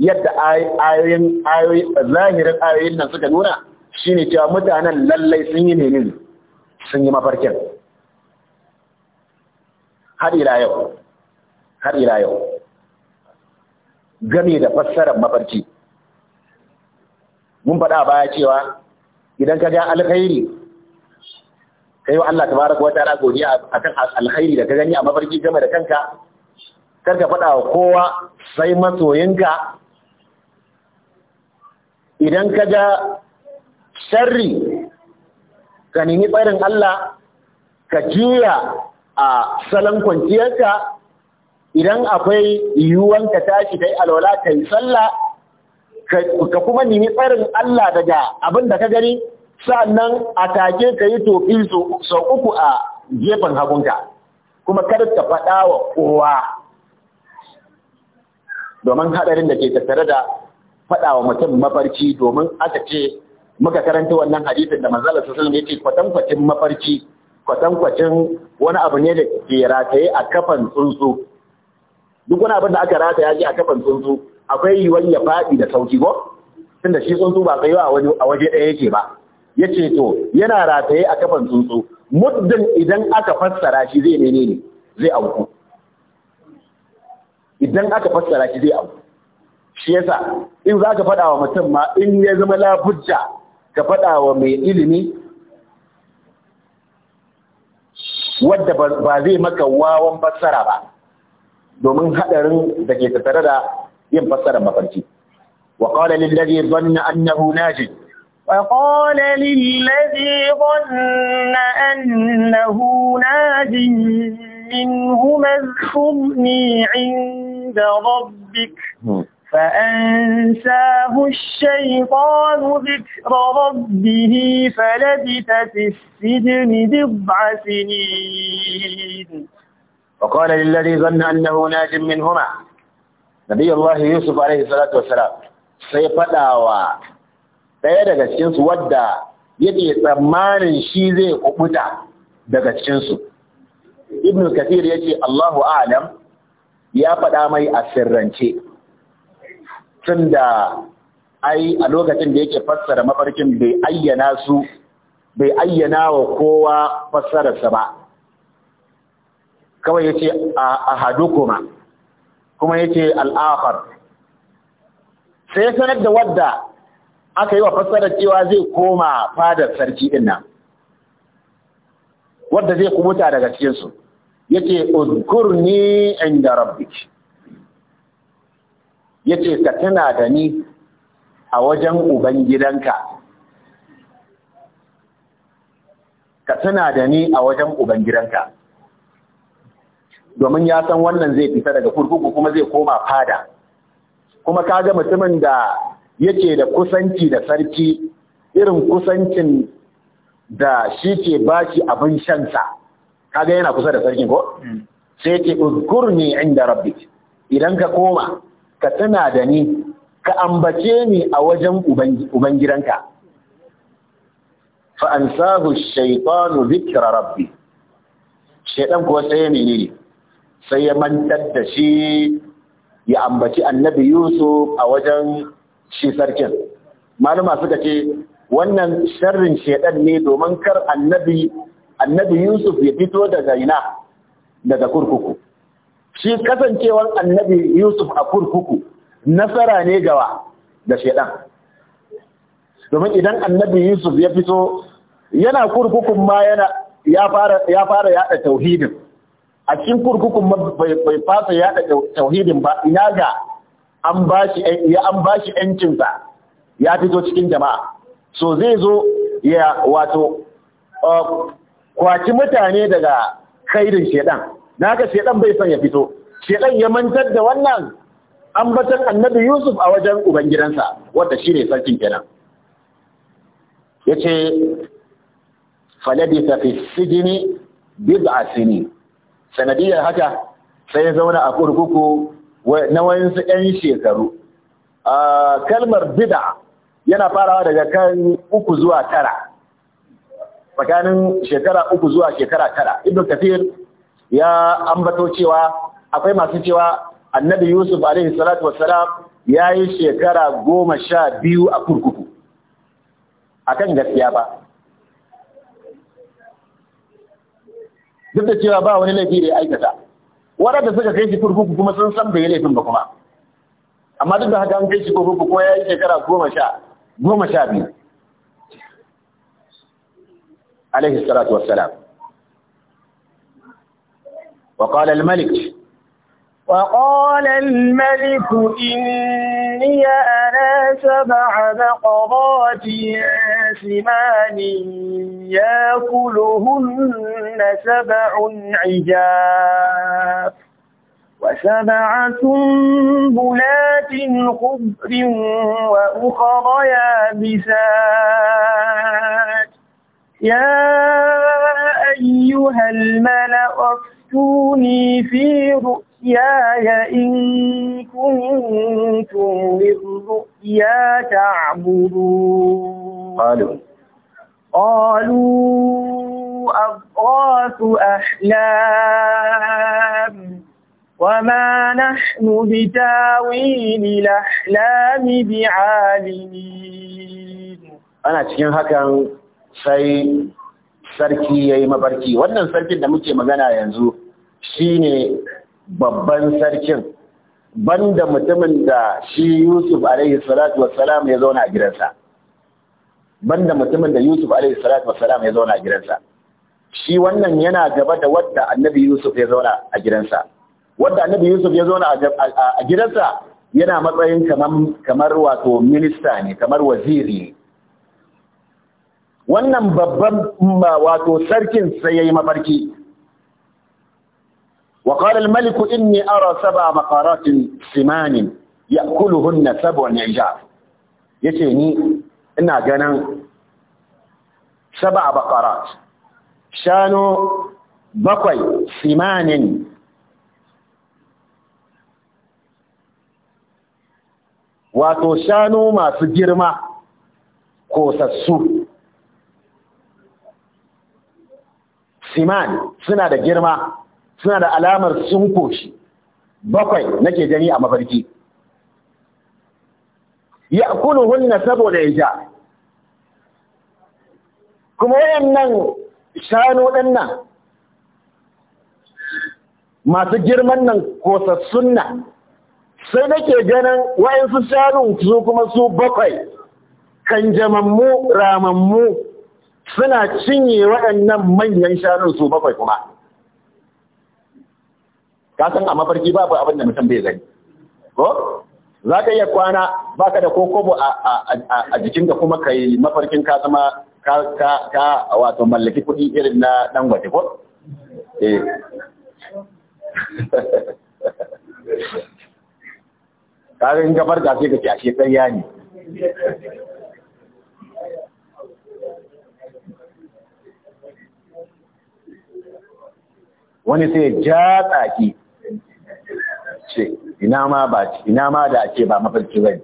yadda ayoyin zahirin ayoyin nan suka nuna shine cewa mutanen lallai sun yi menene sun yi mafarkin har ila yau har ila yau game da fassarar mafarki mun faɗa baya cewa idan ka ga alkhairi kai wa Allah tabaraka wa ta'ala godiya akan alkhairi da ka gani a mafarki game da kanka kar ka faɗa wa kowa sai masoyinka idan ka ga sharri ka nemi tsarin Allah ka juya a salon kwanciyarka idan akwai yiwuwan ka tashi ta yi alwala ka yi sallah ka kuma nemi tsarin Allah daga abin da ka gani sa'annan a take ka yi tofi sau uku a gefen hagunka kuma kada ka faɗa wa kowa domin hadarin da ke tattare da faɗa wa mutum mafarki domin aka ce muka karanta wannan hadisin da manzala su sun yake kwatankwacin mafarki kwatankwacin wani abu ne da ke rataye a kafan tsuntsu duk wani abin da aka rataya ya a kafan tsuntsu akwai yiwuwar ya faɗi da sauki ko tunda shi tsuntsu ba tsayuwa a waje ɗaya yake ba yace to yana rataye a kafan tsuntsu muddin idan aka fassara shi zai menene zai auku idan aka fassara shi zai abu shi yasa in za ka faɗa wa mutum ma in ya zama labujja ka faɗa wa mai ilimi wadda ba zai maka wawan fassara ba domin haɗarin da ke tattare da yin fassarar mafarki wa qala lil ladhi dhanna annahu najid وقال للذي ظن أنه ناج منهما اذكرني عند عند ربك فأنساه الشيطان ذكر ربه فلبث في السجن بضع سنين وقال للذي ظن أنه ناج منهما نبي الله يوسف عليه الصلاة والسلام سيفدعوا ɗaya daga cikinsu wadda yake tsammanin shi zai kubuta daga cikinsu ibn kathir ya allahu alam ya faɗa mai a sirrance tun da ai a lokacin da yake fassara mafarkin bai ayyana su bai ayyana wa kowa fassararsa ba kawai ya ce a hadu kuma ya ce al'afar sai sanar da wadda aka yi wa fassarar cewa zai koma fadar sarki din nan wadda zai kubuta daga cikinsu. yace udkurni inda rabbiki yace ka tana da ni a wajen ubangidanka ka tana da ni a wajen ubangidanka domin ya san wannan zai fita daga kurkuku kuma zai koma fada kuma kaga mutumin da yake da kusanci da sarki irin kusancin da shi ke bashi abin shansa kaga yana kusa da sarkin ko mm. sai ce uzkurni inda rabbik idan ka koma ka tana da ni ka ambace ni a wajen ubangiranka fa ansahu shaytanu dhikra rabbi shaytan kuwa sai ya menene sai ya mantar da shi ya ambaci annabi yusuf a wajen shi sarkin malama suka ce wannan sharrin shaytan ne domin kar annabi annabi Yusuf ya fito daga ina daga kurkuku shi kasancewar annabi Yusuf a kurkuku nasara ne gawa da shedan domin idan annabi Yusuf ya fito yana kurkukun ma yana ya fara ya fara yada tauhidin a cikin kurkukun ma bai fasa yada tauhidin ba ina ga an bashi ya an bashi yancin sa ya fito cikin jama'a so zai zo ya wato uh, kwaci mutane daga kairin shedan na ga shedan bai son ya fito shedan ya mantar da wannan ambatan annabi yusuf a wajen ubangidansa wanda shine sarkin kenan Ya yace falabisa fi sijini bid'a sini sanadiyar haka sai ya zauna a kurkuku na wayansu 'yan shekaru ah, kalmar bid'a yana farawa daga kan uku zuwa tara tsakanin shekara uku zuwa shekara tara ibn kafir ya ambato cewa akwai masu cewa annabi yusuf alaihi salatu wassalam ya yi shekara goma sha biyu a kurkuku a kan gaskiya ba duk da cewa ba wani laifi da ya aikata waɗanda suka kai shi kurkuku kuma sun san bai laifin ba kuma amma duk da haka an kai shi kurkuku ko ya yi shekara goma sha biyu عليه الصلاة والسلام وقال الملك وقال الملك إني أنا سبع بقضات سمان يأكلهن سبع عجاف وسبع سنبلات خبر وأخر يابسات يا أيها الملأ افتوني في رؤياي إن كنتم للرؤيا تعبدون قالوا قالوا أضغاث أحلام وما نحن بتاويل الأحلام بعالمين أنا cikin sai sarki ya yi mafarki wannan sarkin da muke magana yanzu shine babban sarkin banda mutumin da shi Yusuf alaihi salatu wassalam ya zauna a gidansa banda mutumin da Yusuf alaihi salatu wassalam ya zauna a gidansa shi wannan yana gaba da wadda annabi Yusuf ya zauna a gidansa wadda annabi Yusuf ya zauna a gidansa yana matsayin kamar wato minista ne kamar waziri ne wannan babban mm, wato sarkin sai yayi mafarki wa qala al malik inni ara sab'a maqaratin siman ya'kuluhunna sab'un Ya yace ni ina ganin sab'a baqarat shano bakwai simanin wato shanu masu girma kosassu siman suna da girma suna da alamar sun koshi bakwai nake gani a mafarki ya hunna saboda ya ja kuma wayannan shanu ɗin nan masu girman nan kosassun nan sai nake ganin wayansu shanun su kuma su bakwai kan jamammu ramammu suna cinye waɗannan manyan shanun su bakwai kuma ka san a mafarki babu abin da mutum bai gani ko za ka iya kwana ka da kokobo a jikin da kuma ka yi mafarkin ka zama ka wato mallaki kuɗi irin na ɗan gwaje ko? Ƙarin gabar da sai ka ce ashe ya ne. wani sai ja tsaki ce ina ma ba ina ma da ake ba mafarki bane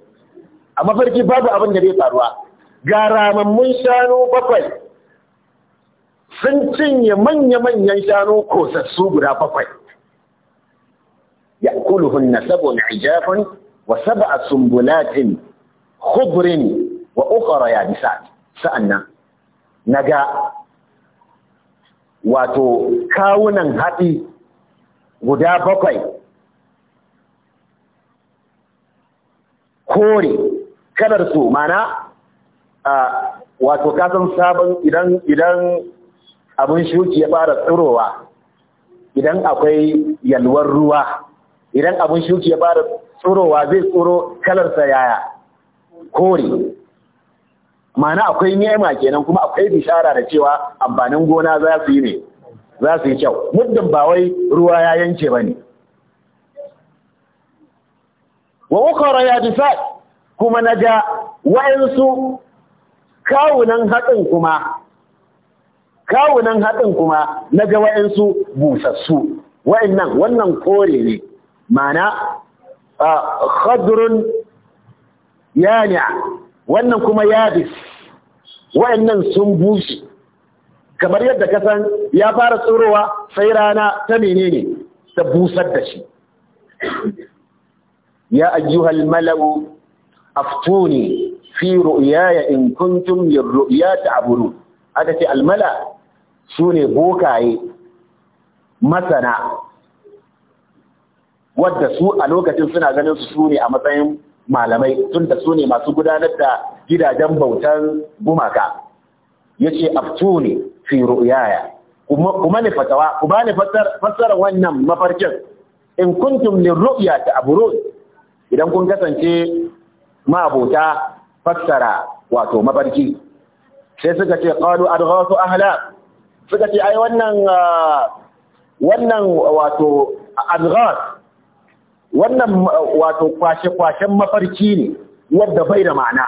a mafarki babu abin da zai faruwa ga ramammun shanu bakwai sun cinye manya-manyan shanu sassu guda bakwai ya kuluhun na ijafin wa saba a sumbulatin khubrin wa ukara ya bisa sa'annan na ga wato kawunan haɗi guda bakwai kore kadar su mana a wato kasan sabon idan idan abin shuki ya fara tsirowa idan akwai yalwar ruwa idan abin shuki ya fara tsirowa zai tsoro kalarsa yaya kore ma'ana akwai nema kenan kuma akwai bishara da cewa amfanin gona za su yi ne za su yi kyau muddin ba wai ruwa ya yanke ba ne wa ukara ya bisa kuma na ga wa'insu kawunan haɗin kuma kawunan haɗin kuma na ga wa'insu busassu wa'innan wannan kore ne ma'ana khadrun yani'a wannan kuma yabis wayannan sun bushe kamar yadda ka san ya fara tsirowa sai rana ta menene ta busar da shi ya ayyuhal mala'u aftuni fi ru'yaya in kuntum min ru'yati aburu aka ce almala sune bokaye masana wadda su a lokacin suna ganin su sune a matsayin malamai tun da su ne masu gudanar da gidajen bautan gumaka yace aftuni fi ru'yaya kuma ne fatawa kuma ne fassara wannan mafarkin in kuntum ta ta'burun idan kun kasance ma abota fassara wato mafarki sai suka ce qalu adghasu ahla suka ce ai wannan ah, wannan wato adghas wannan wato kwashe-kwashen mafarki ne wadda bai da ma'ana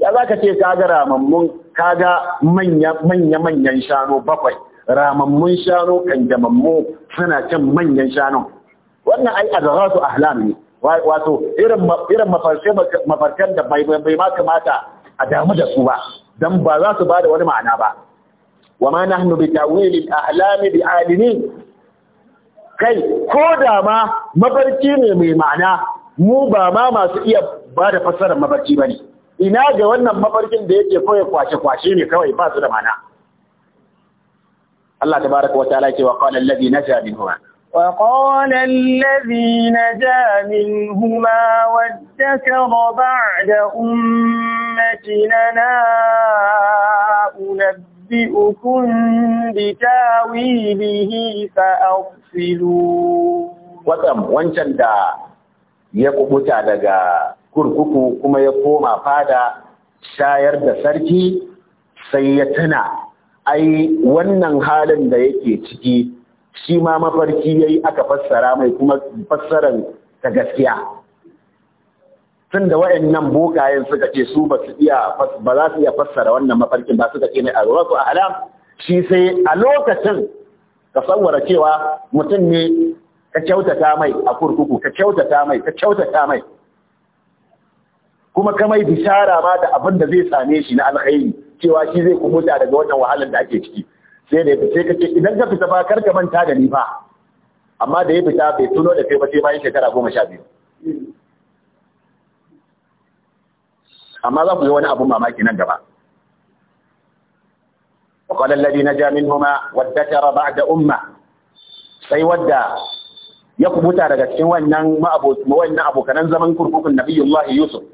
ya za ka ce kaga ramammun kaga manya-manyan shano bakwai ramammun shano kan jamammu suna cin manyan shano. wannan ai su ahlam ne wato irin mafarkan da bai ma kamata a damu da su ba don ba za su ba da wani ma'ana ba wa ma nahnu bi tawilil ahlami bi alimin kai ko da ma mabarci ne mai ma'ana mu ba ma masu iya ba da fassarar mabarci ba ne ina ga wannan mabarkin da yake kawai kwashe-kwashe ne kawai ba su da ma'ana Allah tabaraka wa ta'ala ce wa qala allazi naja minhuma وقال الذي نجا منهما وادكر بعد أمتنا أنبئ أنبئكم بتاويله فأرسلوا وتم وانشان دا يقبتا لغا kurkuku kuma ya koma fada shayar da sarki sai ya tuna ai wannan halin da yake ciki shi ma mafarki yayi aka fassara mai kuma fassaran ta gaskiya tun da nan bokayen suka ce su ba su iya ba za su iya fassara wannan mafarkin ba suka ce mai a alam shi sai a lokacin ka tsawara cewa mutum ne ka kyautata mai a kurkuku ka kyautata mai ka kyautata mai kuma kamai mai bishara ba da abin da zai same shi na alkhairi cewa shi zai kubuta daga wannan wahalar da ake ciki sai da sai ka ce idan ka fita ba kar ka manta da ni ba amma da ya fita bai tuno da kai ba sai bayan shekara goma sha biyu amma za ku yi wani abun mamaki nan gaba وقال الذي نجا منهما raba بعد umma, sai wadda ya kubuta daga cikin wannan abokanan zaman kurkukun Nabiyullahi Yusuf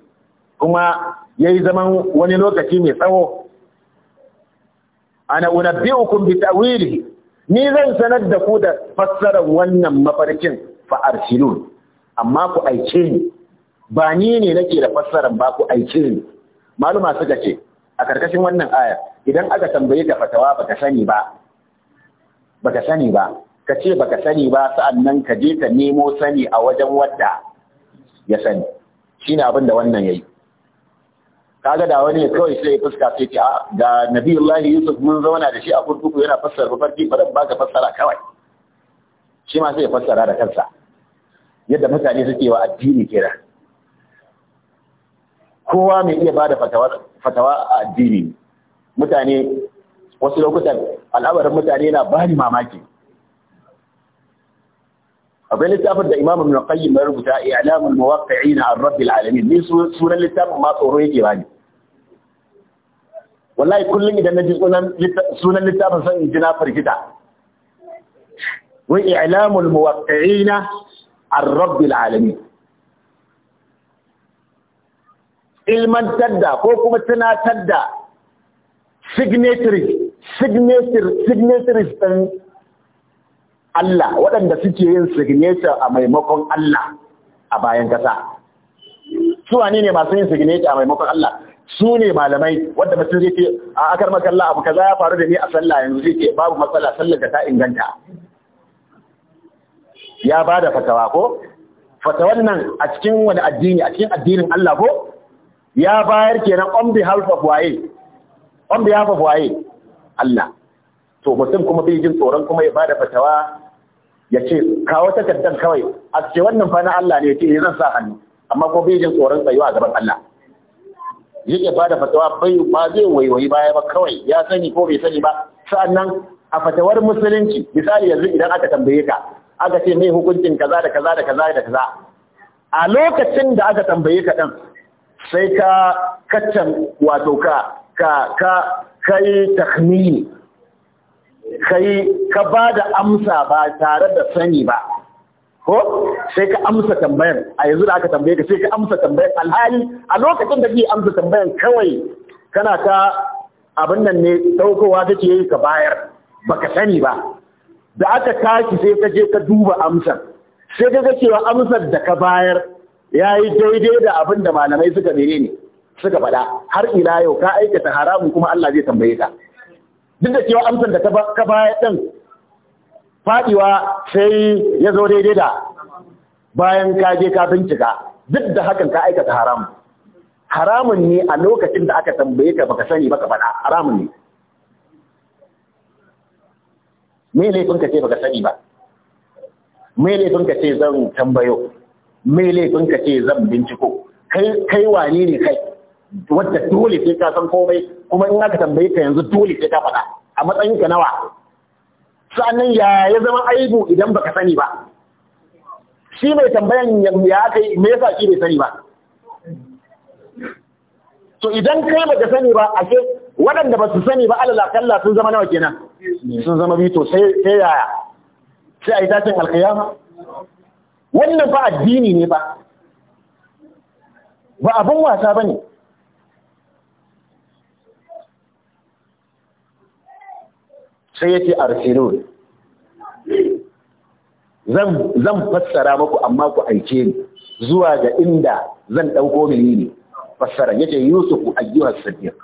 kuma yayi zaman wani lokaci mai tsawo ana unabbiukum bi ta'wilihi ni zan sanar da ku da fassarar wannan mafarkin fa arsilun amma ku aice ni ba ni ne nake da fassarar ba ku aiki ne maluma suka ce a karkashin wannan aya idan aka tambaye ka fatawa baka sani ba baka sani ba ka ce baka sani ba sa'annan ka je ka nemo sani a wajen wadda ya sani shine abin da wannan yayi kaga da wani kawai sai fuska sai ce ga nabiyullahi yusuf mun zauna da shi a kurkuku yana fassara farki ba baka fassara kawai shi ma sai ya fassara da kansa yadda mutane suke wa addini kenan kowa mai iya bada fatawa a addini mutane wasu lokutan al'abarin mutane yana bani mamaki akwai littafin da imamu min qayyim ya rubuta i'lamul muwaqqi'in an rabbil alamin ni sunan littafin ma tsoro yake bani wallahi kullum idan na ji sunan littafin san in ji na firgita wa i'lamul muwaqqi'in an rabbil alamin ilmantar da ko kuma tunatar da signatories ɗin Allah waɗanda suke yin signature a maimakon Allah a bayan ƙasa. Su ne ne masu yin signature a maimakon Allah? Su ne malamai wadda mutum zai ce a akar makalla abu kaza ya faru da ni a sallah yanzu zai ce babu matsala sallar da ta inganta. Ya ba da fatawa ko? Fatawan nan a cikin wani addini a cikin addinin Allah ko? ya bayar kenan on behalf of waye on behalf of waye Allah to mutum kuma bai jin tsoron kuma ya bada fatawa ya ce kawo kaddan kawai a ce wannan fa na Allah ne ya ce eh, zan sa hannu amma ko bai jin tsoron tsayuwa a gaban Allah yake bada fatawa bai ba zai waiwayi baya ba kawai ya sani ko bai sani ba sa'annan a fatawar musulunci misali yanzu idan aka tambaye ka aka ce mai hukuncin kaza da kaza da kaza da kaza a lokacin da aka tambaye ka dan sai ka kaccan wato ka ka ka kai kai ka ba da amsa ba tare da sani ba ko sai ka amsa tambayar a yanzu da aka tambaye ka sai ka amsa tambayar alhali a lokacin da kake amsa tambayar kawai kana ta abin nan ne daukowa kake yi ka bayar baka sani ba da aka tashi sai ka je ka duba amsar sai ka ga cewa amsar da ka bayar ya yi daidai da abin da malamai suka mere ne suka faɗa har ila yau ka aikata haramun kuma Allah zai tambaye ka duk da cewa amsar da ka baya ɗin faɗiwa sai ya zo daidai da bayan ka je ka bincika duk da hakan ka aikata haramun haramun ne a lokacin da aka tambaye ka baka sani baka faɗa haramun ne me laifin ka ce baka sani ba me laifin ka ce zan tambayo mai laifin ka ce zan binciko kai kai wane ne kai wadda dole sai ka san komai kuma in aka tambaye ka yanzu dole sai ka faɗa a matsayin ka nawa Sannan, ya ya zama aibu idan baka sani ba shi mai tambayan ya kai me yasa shi bai sani ba to idan kai baka sani ba ashe? waɗanda ba su sani ba alal kalla sun zama nawa kenan sun zama bito sai yaya sai a yi tashin alkiyama wannan ba addini ne ba ba abin wasa ba ne sai ya arsenal zan fassara maku amma ku aike ni zuwa ga inda zan ɗauko mini ne fassara yace yusufu ayyuhar siddiq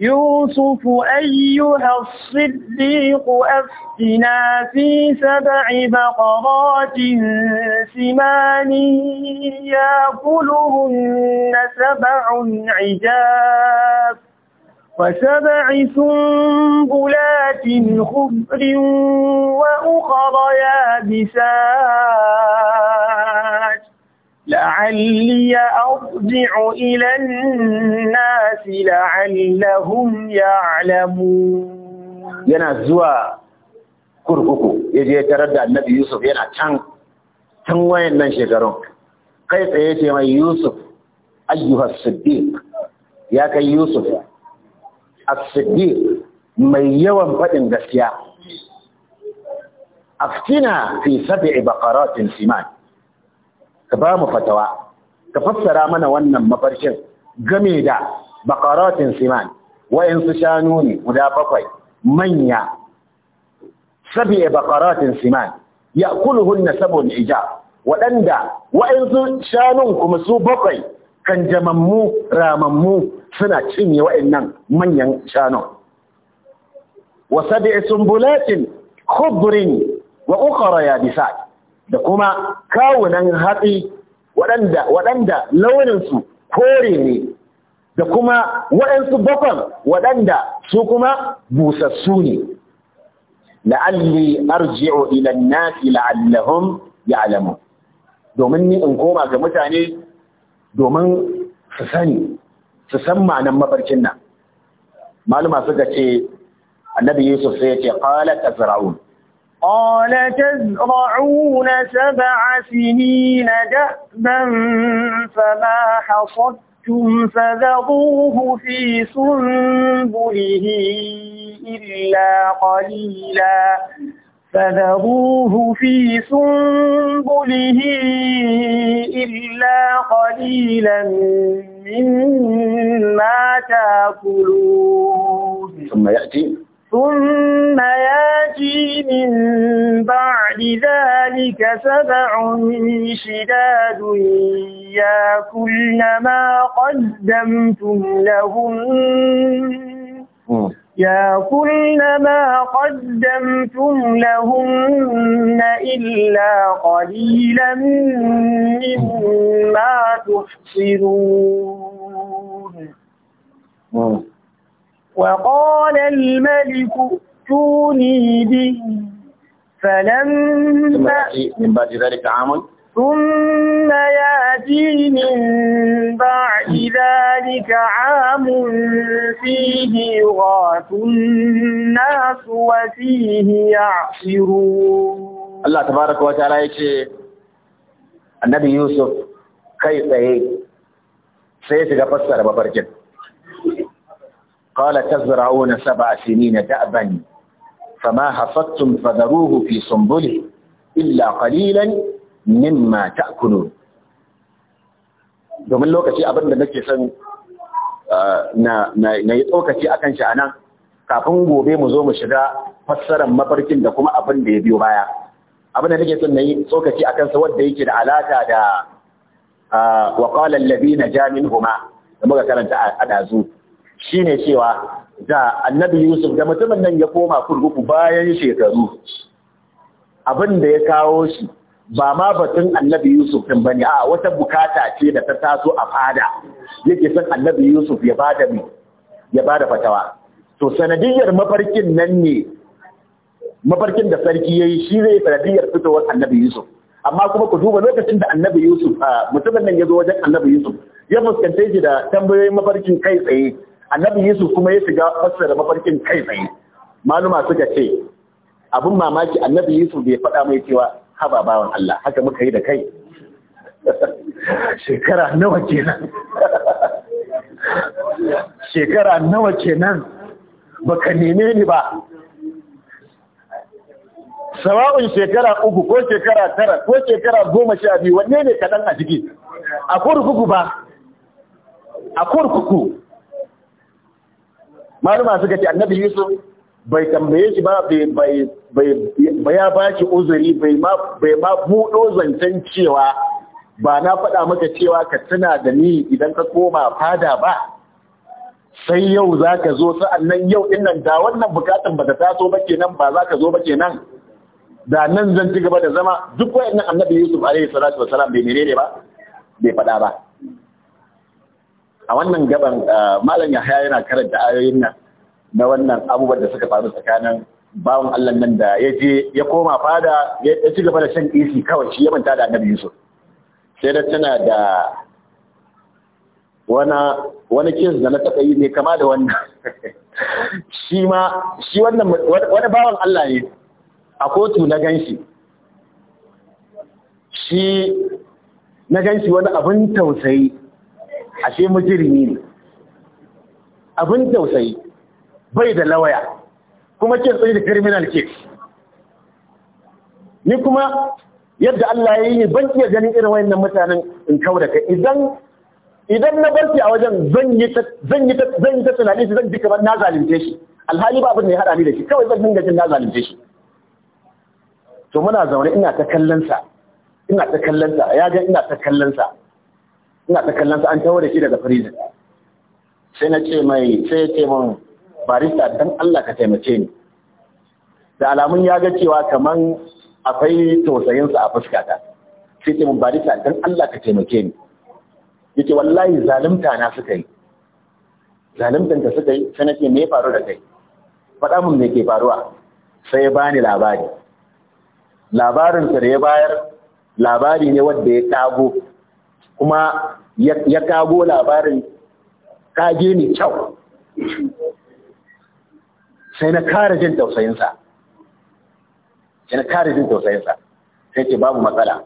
يوسف أيها الصديق أفتنا في سبع بقرات سمان يأكلهن سبع عجاب وسبع سنبلات خبر وأخر يابسات لعلي أرجع إلى الناس لعلهم يعلمون yana zuwa kurkuku Yaje je tarar da annabi Yusuf yana can tun wayannan shekarun kai tsaye ce mai Yusuf ayyuhas siddiq ya kai Yusuf as-siddiq mai yawan faɗin gaskiya aftina fi sab'i baqaratin siman ka ba mu fatawa ka fassara mana wannan mafarkin game da bakaratin siman wayansu shanu ne guda bakwai manya sabi'a bakaratin siman ya kulhunna sabon ija, waɗanda wayansu shanun kuma su bakwai kan jamammu ramammu suna cinye wayannan manyan shanun wa sabi'a sumbulatin khubrin wa ukhra bisa. da kuma kawunan hatsi waɗanda launinsu kore ne da kuma waɗansu bakon waɗanda su kuma busassu ne la'alli arji'u ilan nasi la'allahun ya'alamu. domin ni in koma ga mutane domin su sani su san ma'anan mafarkin nan maluma suka ce annabi yusuf sai ya ce qala tazra'un قال تزرعون سبع سنين دأبا فما حصدتم فذروه في سنبله إلا قليلا فذروه في سنبله إلا قليلا مما تأكلون ثم يأتي ثم ياتي من بعد ذلك سبع شداد كل ما قدمتم لهم كل ما قدمتم لهن إلا قليلا مما تحصرون وقال الملك ائتوني به فلما من بعد ذلك عام ثم ياتي من بعد ذلك عام فيه يغاث الناس وفيه يعصرون الله تبارك وتعالى يقول النبي يوسف kai tsaye sai su ga fassara mafarkin qala tazra'una sab'a sinina da'ban fama hasadtum fadharuhu fi sunbuli illa qalilan mimma ta'kulun domin lokaci abin da nake son na yi tsokaci a kan sha'ana kafin gobe mu zo mu shiga fassarar mafarkin da kuma abin da ya biyo baya abin da nake son na yi tsokaci a kansa wadda yake da alaka da waƙalar labi na jamin huma da muka karanta a dazu Shi ne cewa da annabi Yusuf da mutumin nan ya koma kurkuku bayan shekaru abin da ya kawo shi ba ma batun annabi Yusuf din bane a wata bukata ce da ta taso a fada yake son annabi Yusuf ya bada ya bada fatawa to sanadiyar mafarkin nan ne mafarkin da sarki yayi shi zai sanadiyar fitowar annabi Yusuf amma kuma ku duba lokacin da annabi Yusuf mutumin nan ya zo wajen annabi Yusuf ya fuskanta shi da tambayoyin mafarkin kai tsaye annabi Yusuf kuma ya shiga fassara mafarkin kai tsaye maluma suka ce abin mamaki annabi Yusuf bai faɗa mai cewa haba bawan Allah haka muka yi da kai [laughs] shekara nawa kenan [laughs] shekara nawa kenan baka neme ni ba sawa'un shekara uku ko shekara tara ko shekara goma sha biyu wanne ne kaɗan a ciki a kurkuku ba a kurkuku malama suka ce annabi yusuf bai tambaye shi ba bai ya ba shi uzuri bai ma buɗo zancen cewa ba na faɗa maka cewa ka tuna da ni idan ka koma fada ba sai yau za ka zo sa'an nan yau nan da wannan bukatan ba ta taso ba kenan ba za ka zo ba kenan da nan zan ci gaba da zama duk wayannan annabi yusuf alaihi salatu wasalam bai menene ba bai faɗa ba a wannan gaban ah, malam Yahaya yana karanta ayoyin nan na wannan abubuwan da suka faru tsakanin bawan Allah nan da ya je ya koma fada ya ci gaba da shan isi kawai shi ya manta da Annabi Yusuf sai da tana da wani kes da na taɓa yi ne kama da wannan [laughs] shi ma shi wannan wani bawan Allah ne a kotu na ganshi shi na ganshi wani abin tausayi ashe mujirimi ne abin tausayi bai da lawaya kuma ke tsaye da criminal case ni kuma yadda Allah ya yi ban iya ganin irin wayannan mutanen in kau da kai idan idan na barci a wajen zan yi ta zan yi zan yi zan ji kamar na zalunce shi alhali ba abin da ya hada ni da shi kawai zan dinga jin na zalunce shi to muna zaune ina ta kallon sa ina ta kallon sa ya ga ina ta kallon sa ina ta kallon an tawo da shi daga firizin. sai na ce mai sai ce mun barista dan Allah ka taimake ni da alamun ya ga cewa kaman akwai tausayinsa a fuskata sai ce mun barista dan Allah ka taimake ni yace wallahi zalunta na suka yi zaluntan ta suka yi sai na ce me ya faru da kai faɗa mun me ke faruwa sai ya bani labari labarinsa da ya bayar labari ne wanda ya tago kuma ya kago labarin kage ne kyau sai na kare jin tausayinsa sai na kare jin tausayinsa sai ce babu matsala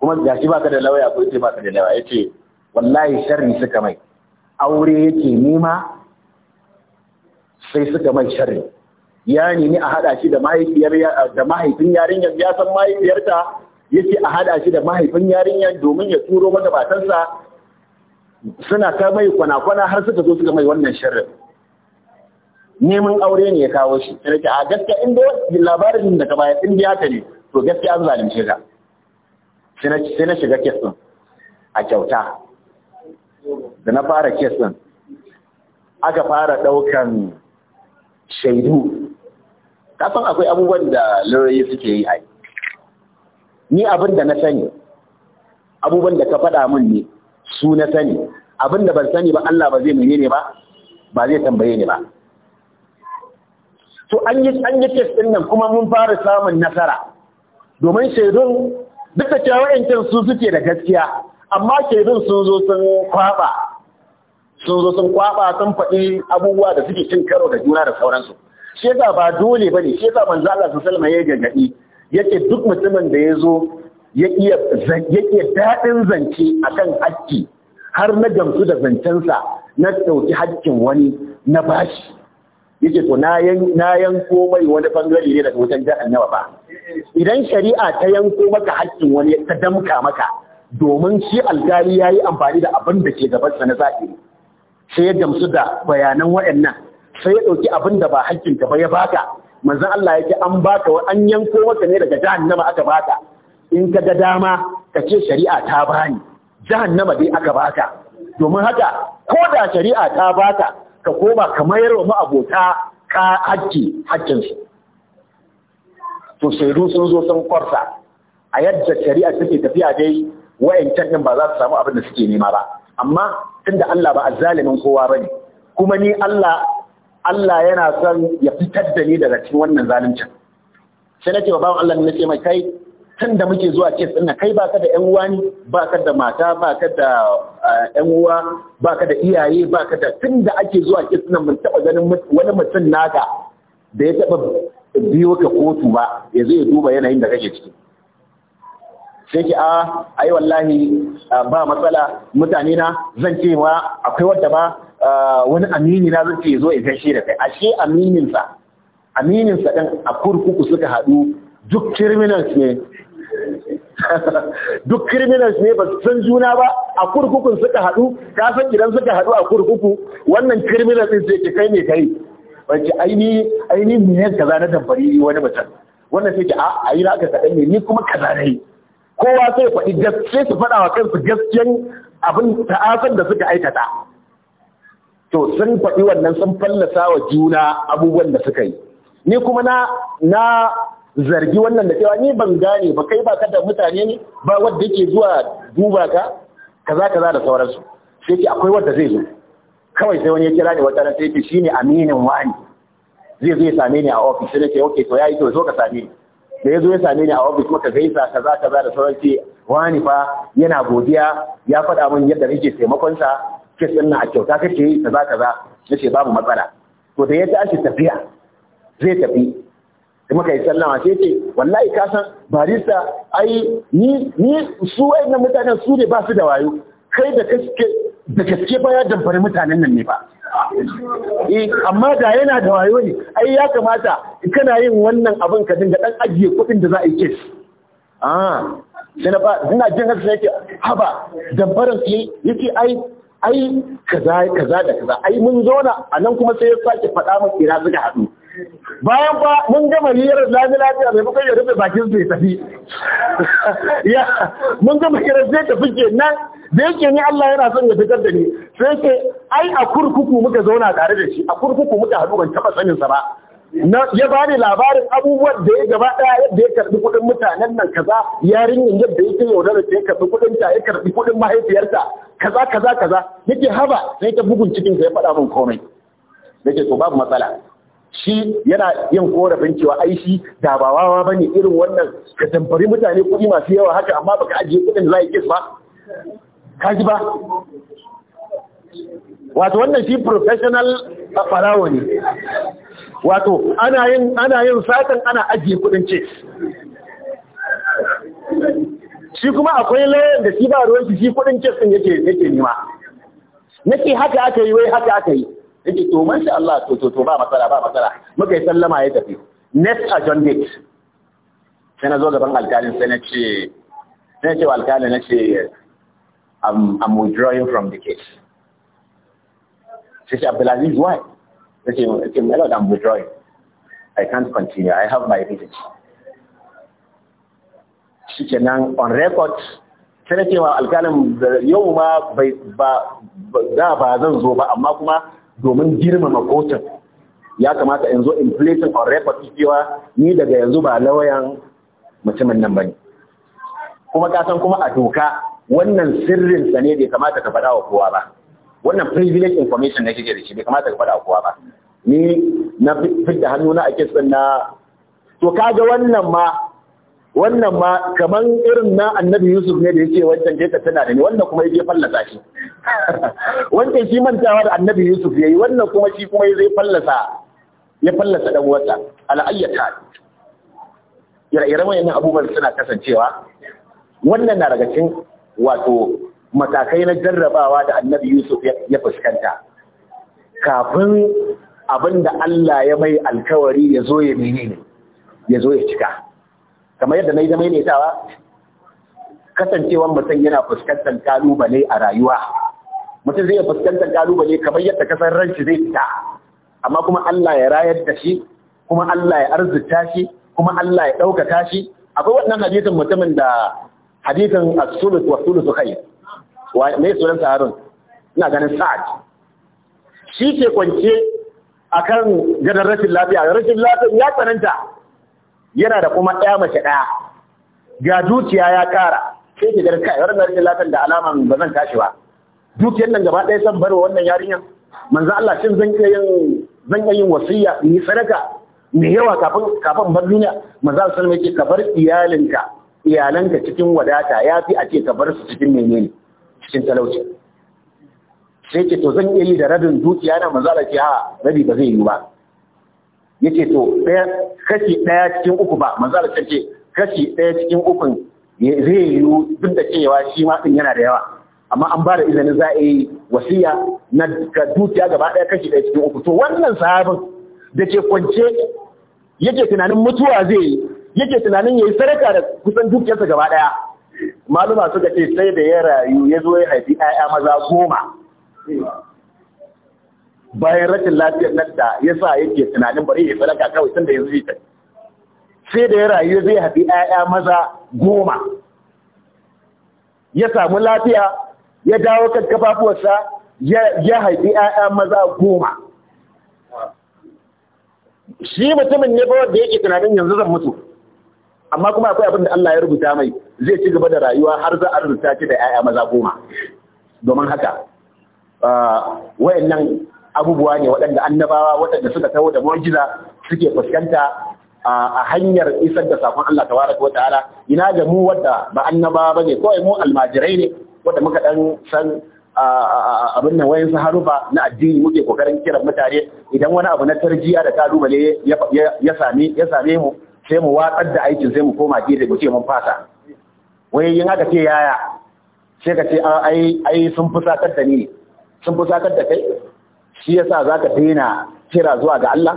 kuma ga shi baka da lauya ko ce baka da lauya ce, wallahi sharri suka mai aure yake nema sai suka mai sharri ya nemi a haɗa shi da da mahaifin yarinyar ya san mahaifiyarta yake a hada shi da mahaifin yarinyar domin ya turo mata suna ta mai kwana-kwana har suka zo suka mai wannan shirin. neman aure ne ya kawo shi sai nake a gaskiya inda yi labarin da ka bayan inda ya tare to gaskiya an zalunce ka sai na shiga kesin a kyauta da na fara kesin aka fara daukan shaidu kasan akwai abubuwan da lauyoyi suke yi a yi ni abin da na sani abubuwan da ka faɗa min ne su na sani abin da ban sani ba Allah ba zai ne ba ba zai tambaye ni ba to an yi an yi test din nan kuma mun fara samun nasara domin shaidun duk da cewa wayancan su suke da gaskiya amma shaidun sun zo sun kwaba sun zo sun kwaba sun faɗi abubuwa da suke cin karo da juna da sauransu shi yasa ba dole bane shi yasa manzo Allah sallallahu alaihi wasallam ya gargadi yake duk mutumin da ya zo ya iya daɗin zance a kan haƙƙi har na gamsu da zancensa na ɗauki haƙƙin wani na bashi yake to na yanko mai wani bangare ne daga wajen nawa ba idan shari'a ta yanko maka haƙƙin wani ta damka maka domin shi alkali ya yi amfani da abin da ke gabansa na zaɓi sai ya gamsu da bayanan waɗannan sai ya ɗauki abin da ba haƙƙinka ba ya baka manzon Allah yake an baka an yanko maka ne daga jahannama aka baka in ka ga dama ka ce shari'a ta bani nama dai aka baka domin haka ko da shari'a ta baka ka koma ka mayar wa ma'abota ka hajji hakkin su to shaidu sun zo sun kwarsa a yadda shari'a take tafiya dai wa'ancan din ba za su samu abin da suke nema ba amma tunda Allah ba azzalimin kowa bane kuma ni Allah Allah yana son ya fitar da ni daga cikin wannan zaluncin sai nake wa bawan Allah ne nake mai kai tun da muke zuwa ce tsinna kai baka da ƴan uwa ne baka da mata baka da eh, ƴan uwa baka da iyaye baka da tun da ake zuwa ce tsinna mun taba ganin wani mutum naka da ya taba biyo ka kotu ba ya zo ya duba yanayin da kake ciki sai ki a ah, ai wallahi ah, ba matsala mutane na zan ce ma akwai wadda ba Ah, wani amini na zai zo ya gaishe da kai ashe amininsa amininsa ɗin a kurkuku suka haɗu duk criminals ne [laughs] duk criminals ne ba san juna ba a kurkukun suka haɗu ka san idan suka haɗu a kurkuku wannan criminals ɗin sai kai ne kai wace aini aini ne yan kaza na dambari wani mutum wannan sai ce ah, a ayi na ka kaɗan ne ni kuma kaza ne kowa sai faɗi gaskiya su faɗa wa kansu gaskiyan abin ta'asan da suka aikata to sun faɗi wannan sun fallasa wa juna abubuwan da suka yi ni kuma na na zargi wannan da cewa ni ban gane ba kai ba ka da mutane ne ba wanda yake zuwa duba ka kaza kaza da sauransu sai ki akwai wanda zai zo kawai sai wani ya kira ni wata ran sai ki shine aminin wani zai zo ya same ni a office sai ce okay to yayi to zo ka same ni da ya zo ya same ni a ofis ka gaisa kaza kaza da sauransu wani fa yana godiya ya faɗa min yadda nake taimakonsa kes ɗin na a kyauta kake yi kaza kaza na ce babu matsala to da ya tashi tafiya zai tafi Kuma muka yi sallama sai ce wallahi ka san barista ai ni ni su na mutanen su ne ba su da wayo kai da kaske da kaske ba ya damfari mutanen nan ne ba eh amma da yana da wayo ne ai ya kamata kana yin wannan abin ka dinga dan ajiye kuɗin da za a yi kes ah sai na ba ina jin haka sai yake haba damfaran sai yake ai ai kaza kaza da kaza ai mun zauna a nan kuma sai ya sake faɗa masa kira suka haɗu bayan ba mun gama hirar lafiya lafiya mai bakwai ya rufe bakin sai tafi [laughs] ya mun gama hirar sai tafi ke. kenan da yake ni Allah yana son ya fitar da ni sai ce ai a kurkuku muka zauna tare da shi a kurkuku muka haɗu ban taɓa sanin sa ba ya ba ni labarin abubuwan da ya gaba ɗaya yadda ya karɓi kuɗin mutanen nan kaza yarinyar yadda yake yaudarar ta ya karɓi kuɗin ta ya karɓi kuɗin mahaifiyarta kaza kaza kaza yake haba sai ta bugun cikin ya faɗa min komai nake to babu matsala shi yana yin korafin cewa ai shi da ba wawa bane irin wannan ka tamfari mutane kuɗi masu yawa haka amma baka ajiye kuɗin za a yi ba ka ji ba wato wannan shi professional ɓarawo ne wato ana yin satan ana ajiye kudin ce shi kuma akwai layar da shi ba ruwan shi kudin ce sun yake yake nima nake haka aka yi wai haka aka yi yake to shi Allah to to to ba matsala ba matsala muka yi sallama ya tafi next adjourn date sai na zo gaban alkalin sai na ce sai na ce wa alkalin na ce I'm, I'm withdrawing from the case. Sai ce Abdulaziz why? They say, my lord, I'm withdrawing. I can't continue. I have my reasons. Shi nan on record, sai cewa alkalin yau ma da ba zan zo ba, amma kuma domin girmama kotun ya kamata in zo in place on record cewa ni daga yanzu ba lauyan mutumin nan ba ne. Kuma san kuma a doka wannan sirrinsa ne bai kamata ka faɗa wa kowa ba. Wannan privilege information na kike da shi bai kamata ka faɗa wa kowa ba. ni na fidda hannu na ake na to kaga wannan ma wannan ma kaman irin na annabi Yusuf ne da yake wancan ke ka tana da ni wannan kuma yake fallasa shi [laughs] wancan shi mantawa da annabi Yusuf yayi wannan kuma shi kuma zai fallasa ya fallasa dan wata ala ayyata ire-iren wayannan abubuwan suna kasancewa wannan na daga cikin wato matakai na jarrabawa da annabi Yusuf ya fuskanta kafin Abin da Allah ya mai alkawari ya zo ya menene ya zo ya cika kamar yadda na yi zama tawa kasancewar mutum yana fuskantar kalubale a rayuwa mutum zai fuskantar kalubale kamar yadda kasar ranci zai fita amma kuma Allah ya rayar da shi kuma Allah ya arzuta shi kuma Allah ya ɗaukaka shi akwai wannan hadisin mutumin da hadisin as wa sulut kai wa ne sunan sa harun ina ganin sa'ad shi ke kwance akan ganin rashin lafiya rashin lafiya ya tsananta yana da kuma ɗaya mace ɗaya ga dukiya ya ƙara sai ki garka yawan rashin lafiya da alaman ba zan tashi ba dukiyar nan gaba ɗaya san barwa wannan yarinyar manzo Allah shin zan iya yin zan iya yin wasiya ni sadaka ni yawa kafin kafin bar duniya manzo Allah sallama yake ka bar iyalinka iyalanka cikin wadata yafi a ce ka bar su cikin menene cikin talauci sai ce to zan iya yi da rabin dukiya na manzo Allah ce a rabi ba zai yi ba yace to ɗaya kashi ɗaya cikin uku ba manzo Allah ce kashi ɗaya cikin ukun zai yi duk da cewa shi ma din yana da yawa amma an ba da izinin za a yi wasiya na dukiya gaba ɗaya kashi ɗaya cikin uku to wannan sahabin da ke kwance yake tunanin mutuwa zai yi yake tunanin yayi sadaka da kusan dukiyarsa gaba ɗaya. maluma suka ce sai da ya rayu ya zo ya haifi 'ya'ya maza goma bayan rashin lafiyar nan da ya sa yake tunanin bari ya tsalaka kawai tun da yanzu ya sai da ya rayu zai haɗi 'ya'ya maza goma ya samu lafiya ya dawo kan kafafuwarsa ya haifi 'ya'ya maza goma shi mutumin ne ba da yake tunanin yanzu zan mutu amma kuma akwai abin da Allah ya rubuta mai zai ci gaba da rayuwa har za a rubuta shi da 'ya'ya maza goma domin haka wayannan abubuwa ne waɗanda annabawa waɗanda suka taho da mu'jiza suke fuskanta a hanyar isar da sakon Allah tabaraka wata'ala ina da mu wadda ba annaba bane kawai mu almajirai ne wadda muka dan san abin nan wayansu harufa na addini muke kokarin kiran mutane idan wani abu na tarjiya da dubale ya same ya same mu sai mu watsar da aikin sai mu koma gefe mu ce mun fasa wai yin haka ce yaya sai ka ce ai sun fusa da ni sun fi sakar da kai shi yasa ka daina kira zuwa ga Allah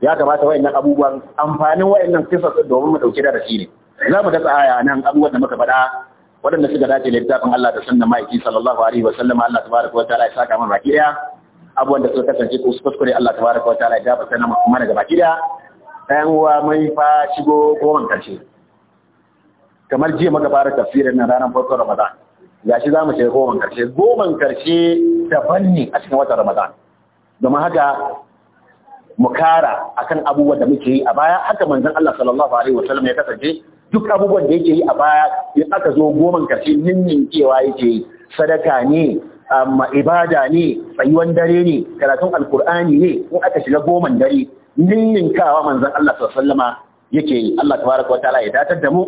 ya kamata wayannan abubuwan amfanin wayannan kisas domin mu dauki da rasili za mu dasa aya nan abubuwan da muka faɗa waɗanda suka dace da littafin Allah da sunna ma'aiki sallallahu alaihi wa sallam Allah tabaraka wa ta'ala ya saka mana baki daya abubuwan da suka kasance ko su kuskure Allah tabaraka wa ta'ala ya mu mana ga baki daya ɗayan uwa mai fa shigo goman kace kamar jiya muka fara tafsirin nan ranar farko Ramadan ya shi za mu shiga goman karshe goman karshe daban ne a cikin watan ramadan domin haka mu kara akan abubuwan da muke yi a baya haka manzon Allah sallallahu alaihi wasallam ya kasance duk abubuwan da yake yi a baya in aka zo goman karshe Ninnin cewa yake yi sadaka ne amma ibada ne tsayuwan dare ne karatun alkur'ani ne in aka shiga goman dare ninninkawa manzon Allah sallallahu alaihi wasallama yake yi Allah tabaraka wa ta'ala ya datar da mu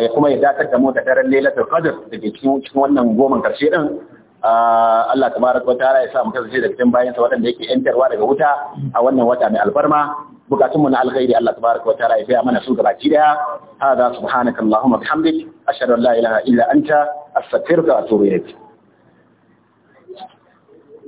ya kuma ya dakar da mota daren lailatul qadr da ke cikin wannan goma karshe din Allah tabaraka wa ta'ala ya sa mu kasance da cikin bayansa waɗanda yake yantarwa daga wuta a wannan wata mai albarma bukatunmu na alkhairi Allah tabaraka wa ta'ala ya biya mana su gabaki daya hada subhanakallahumma bihamdik ashhadu an la ilaha illa anta astaghfiruka wa atubu ilayk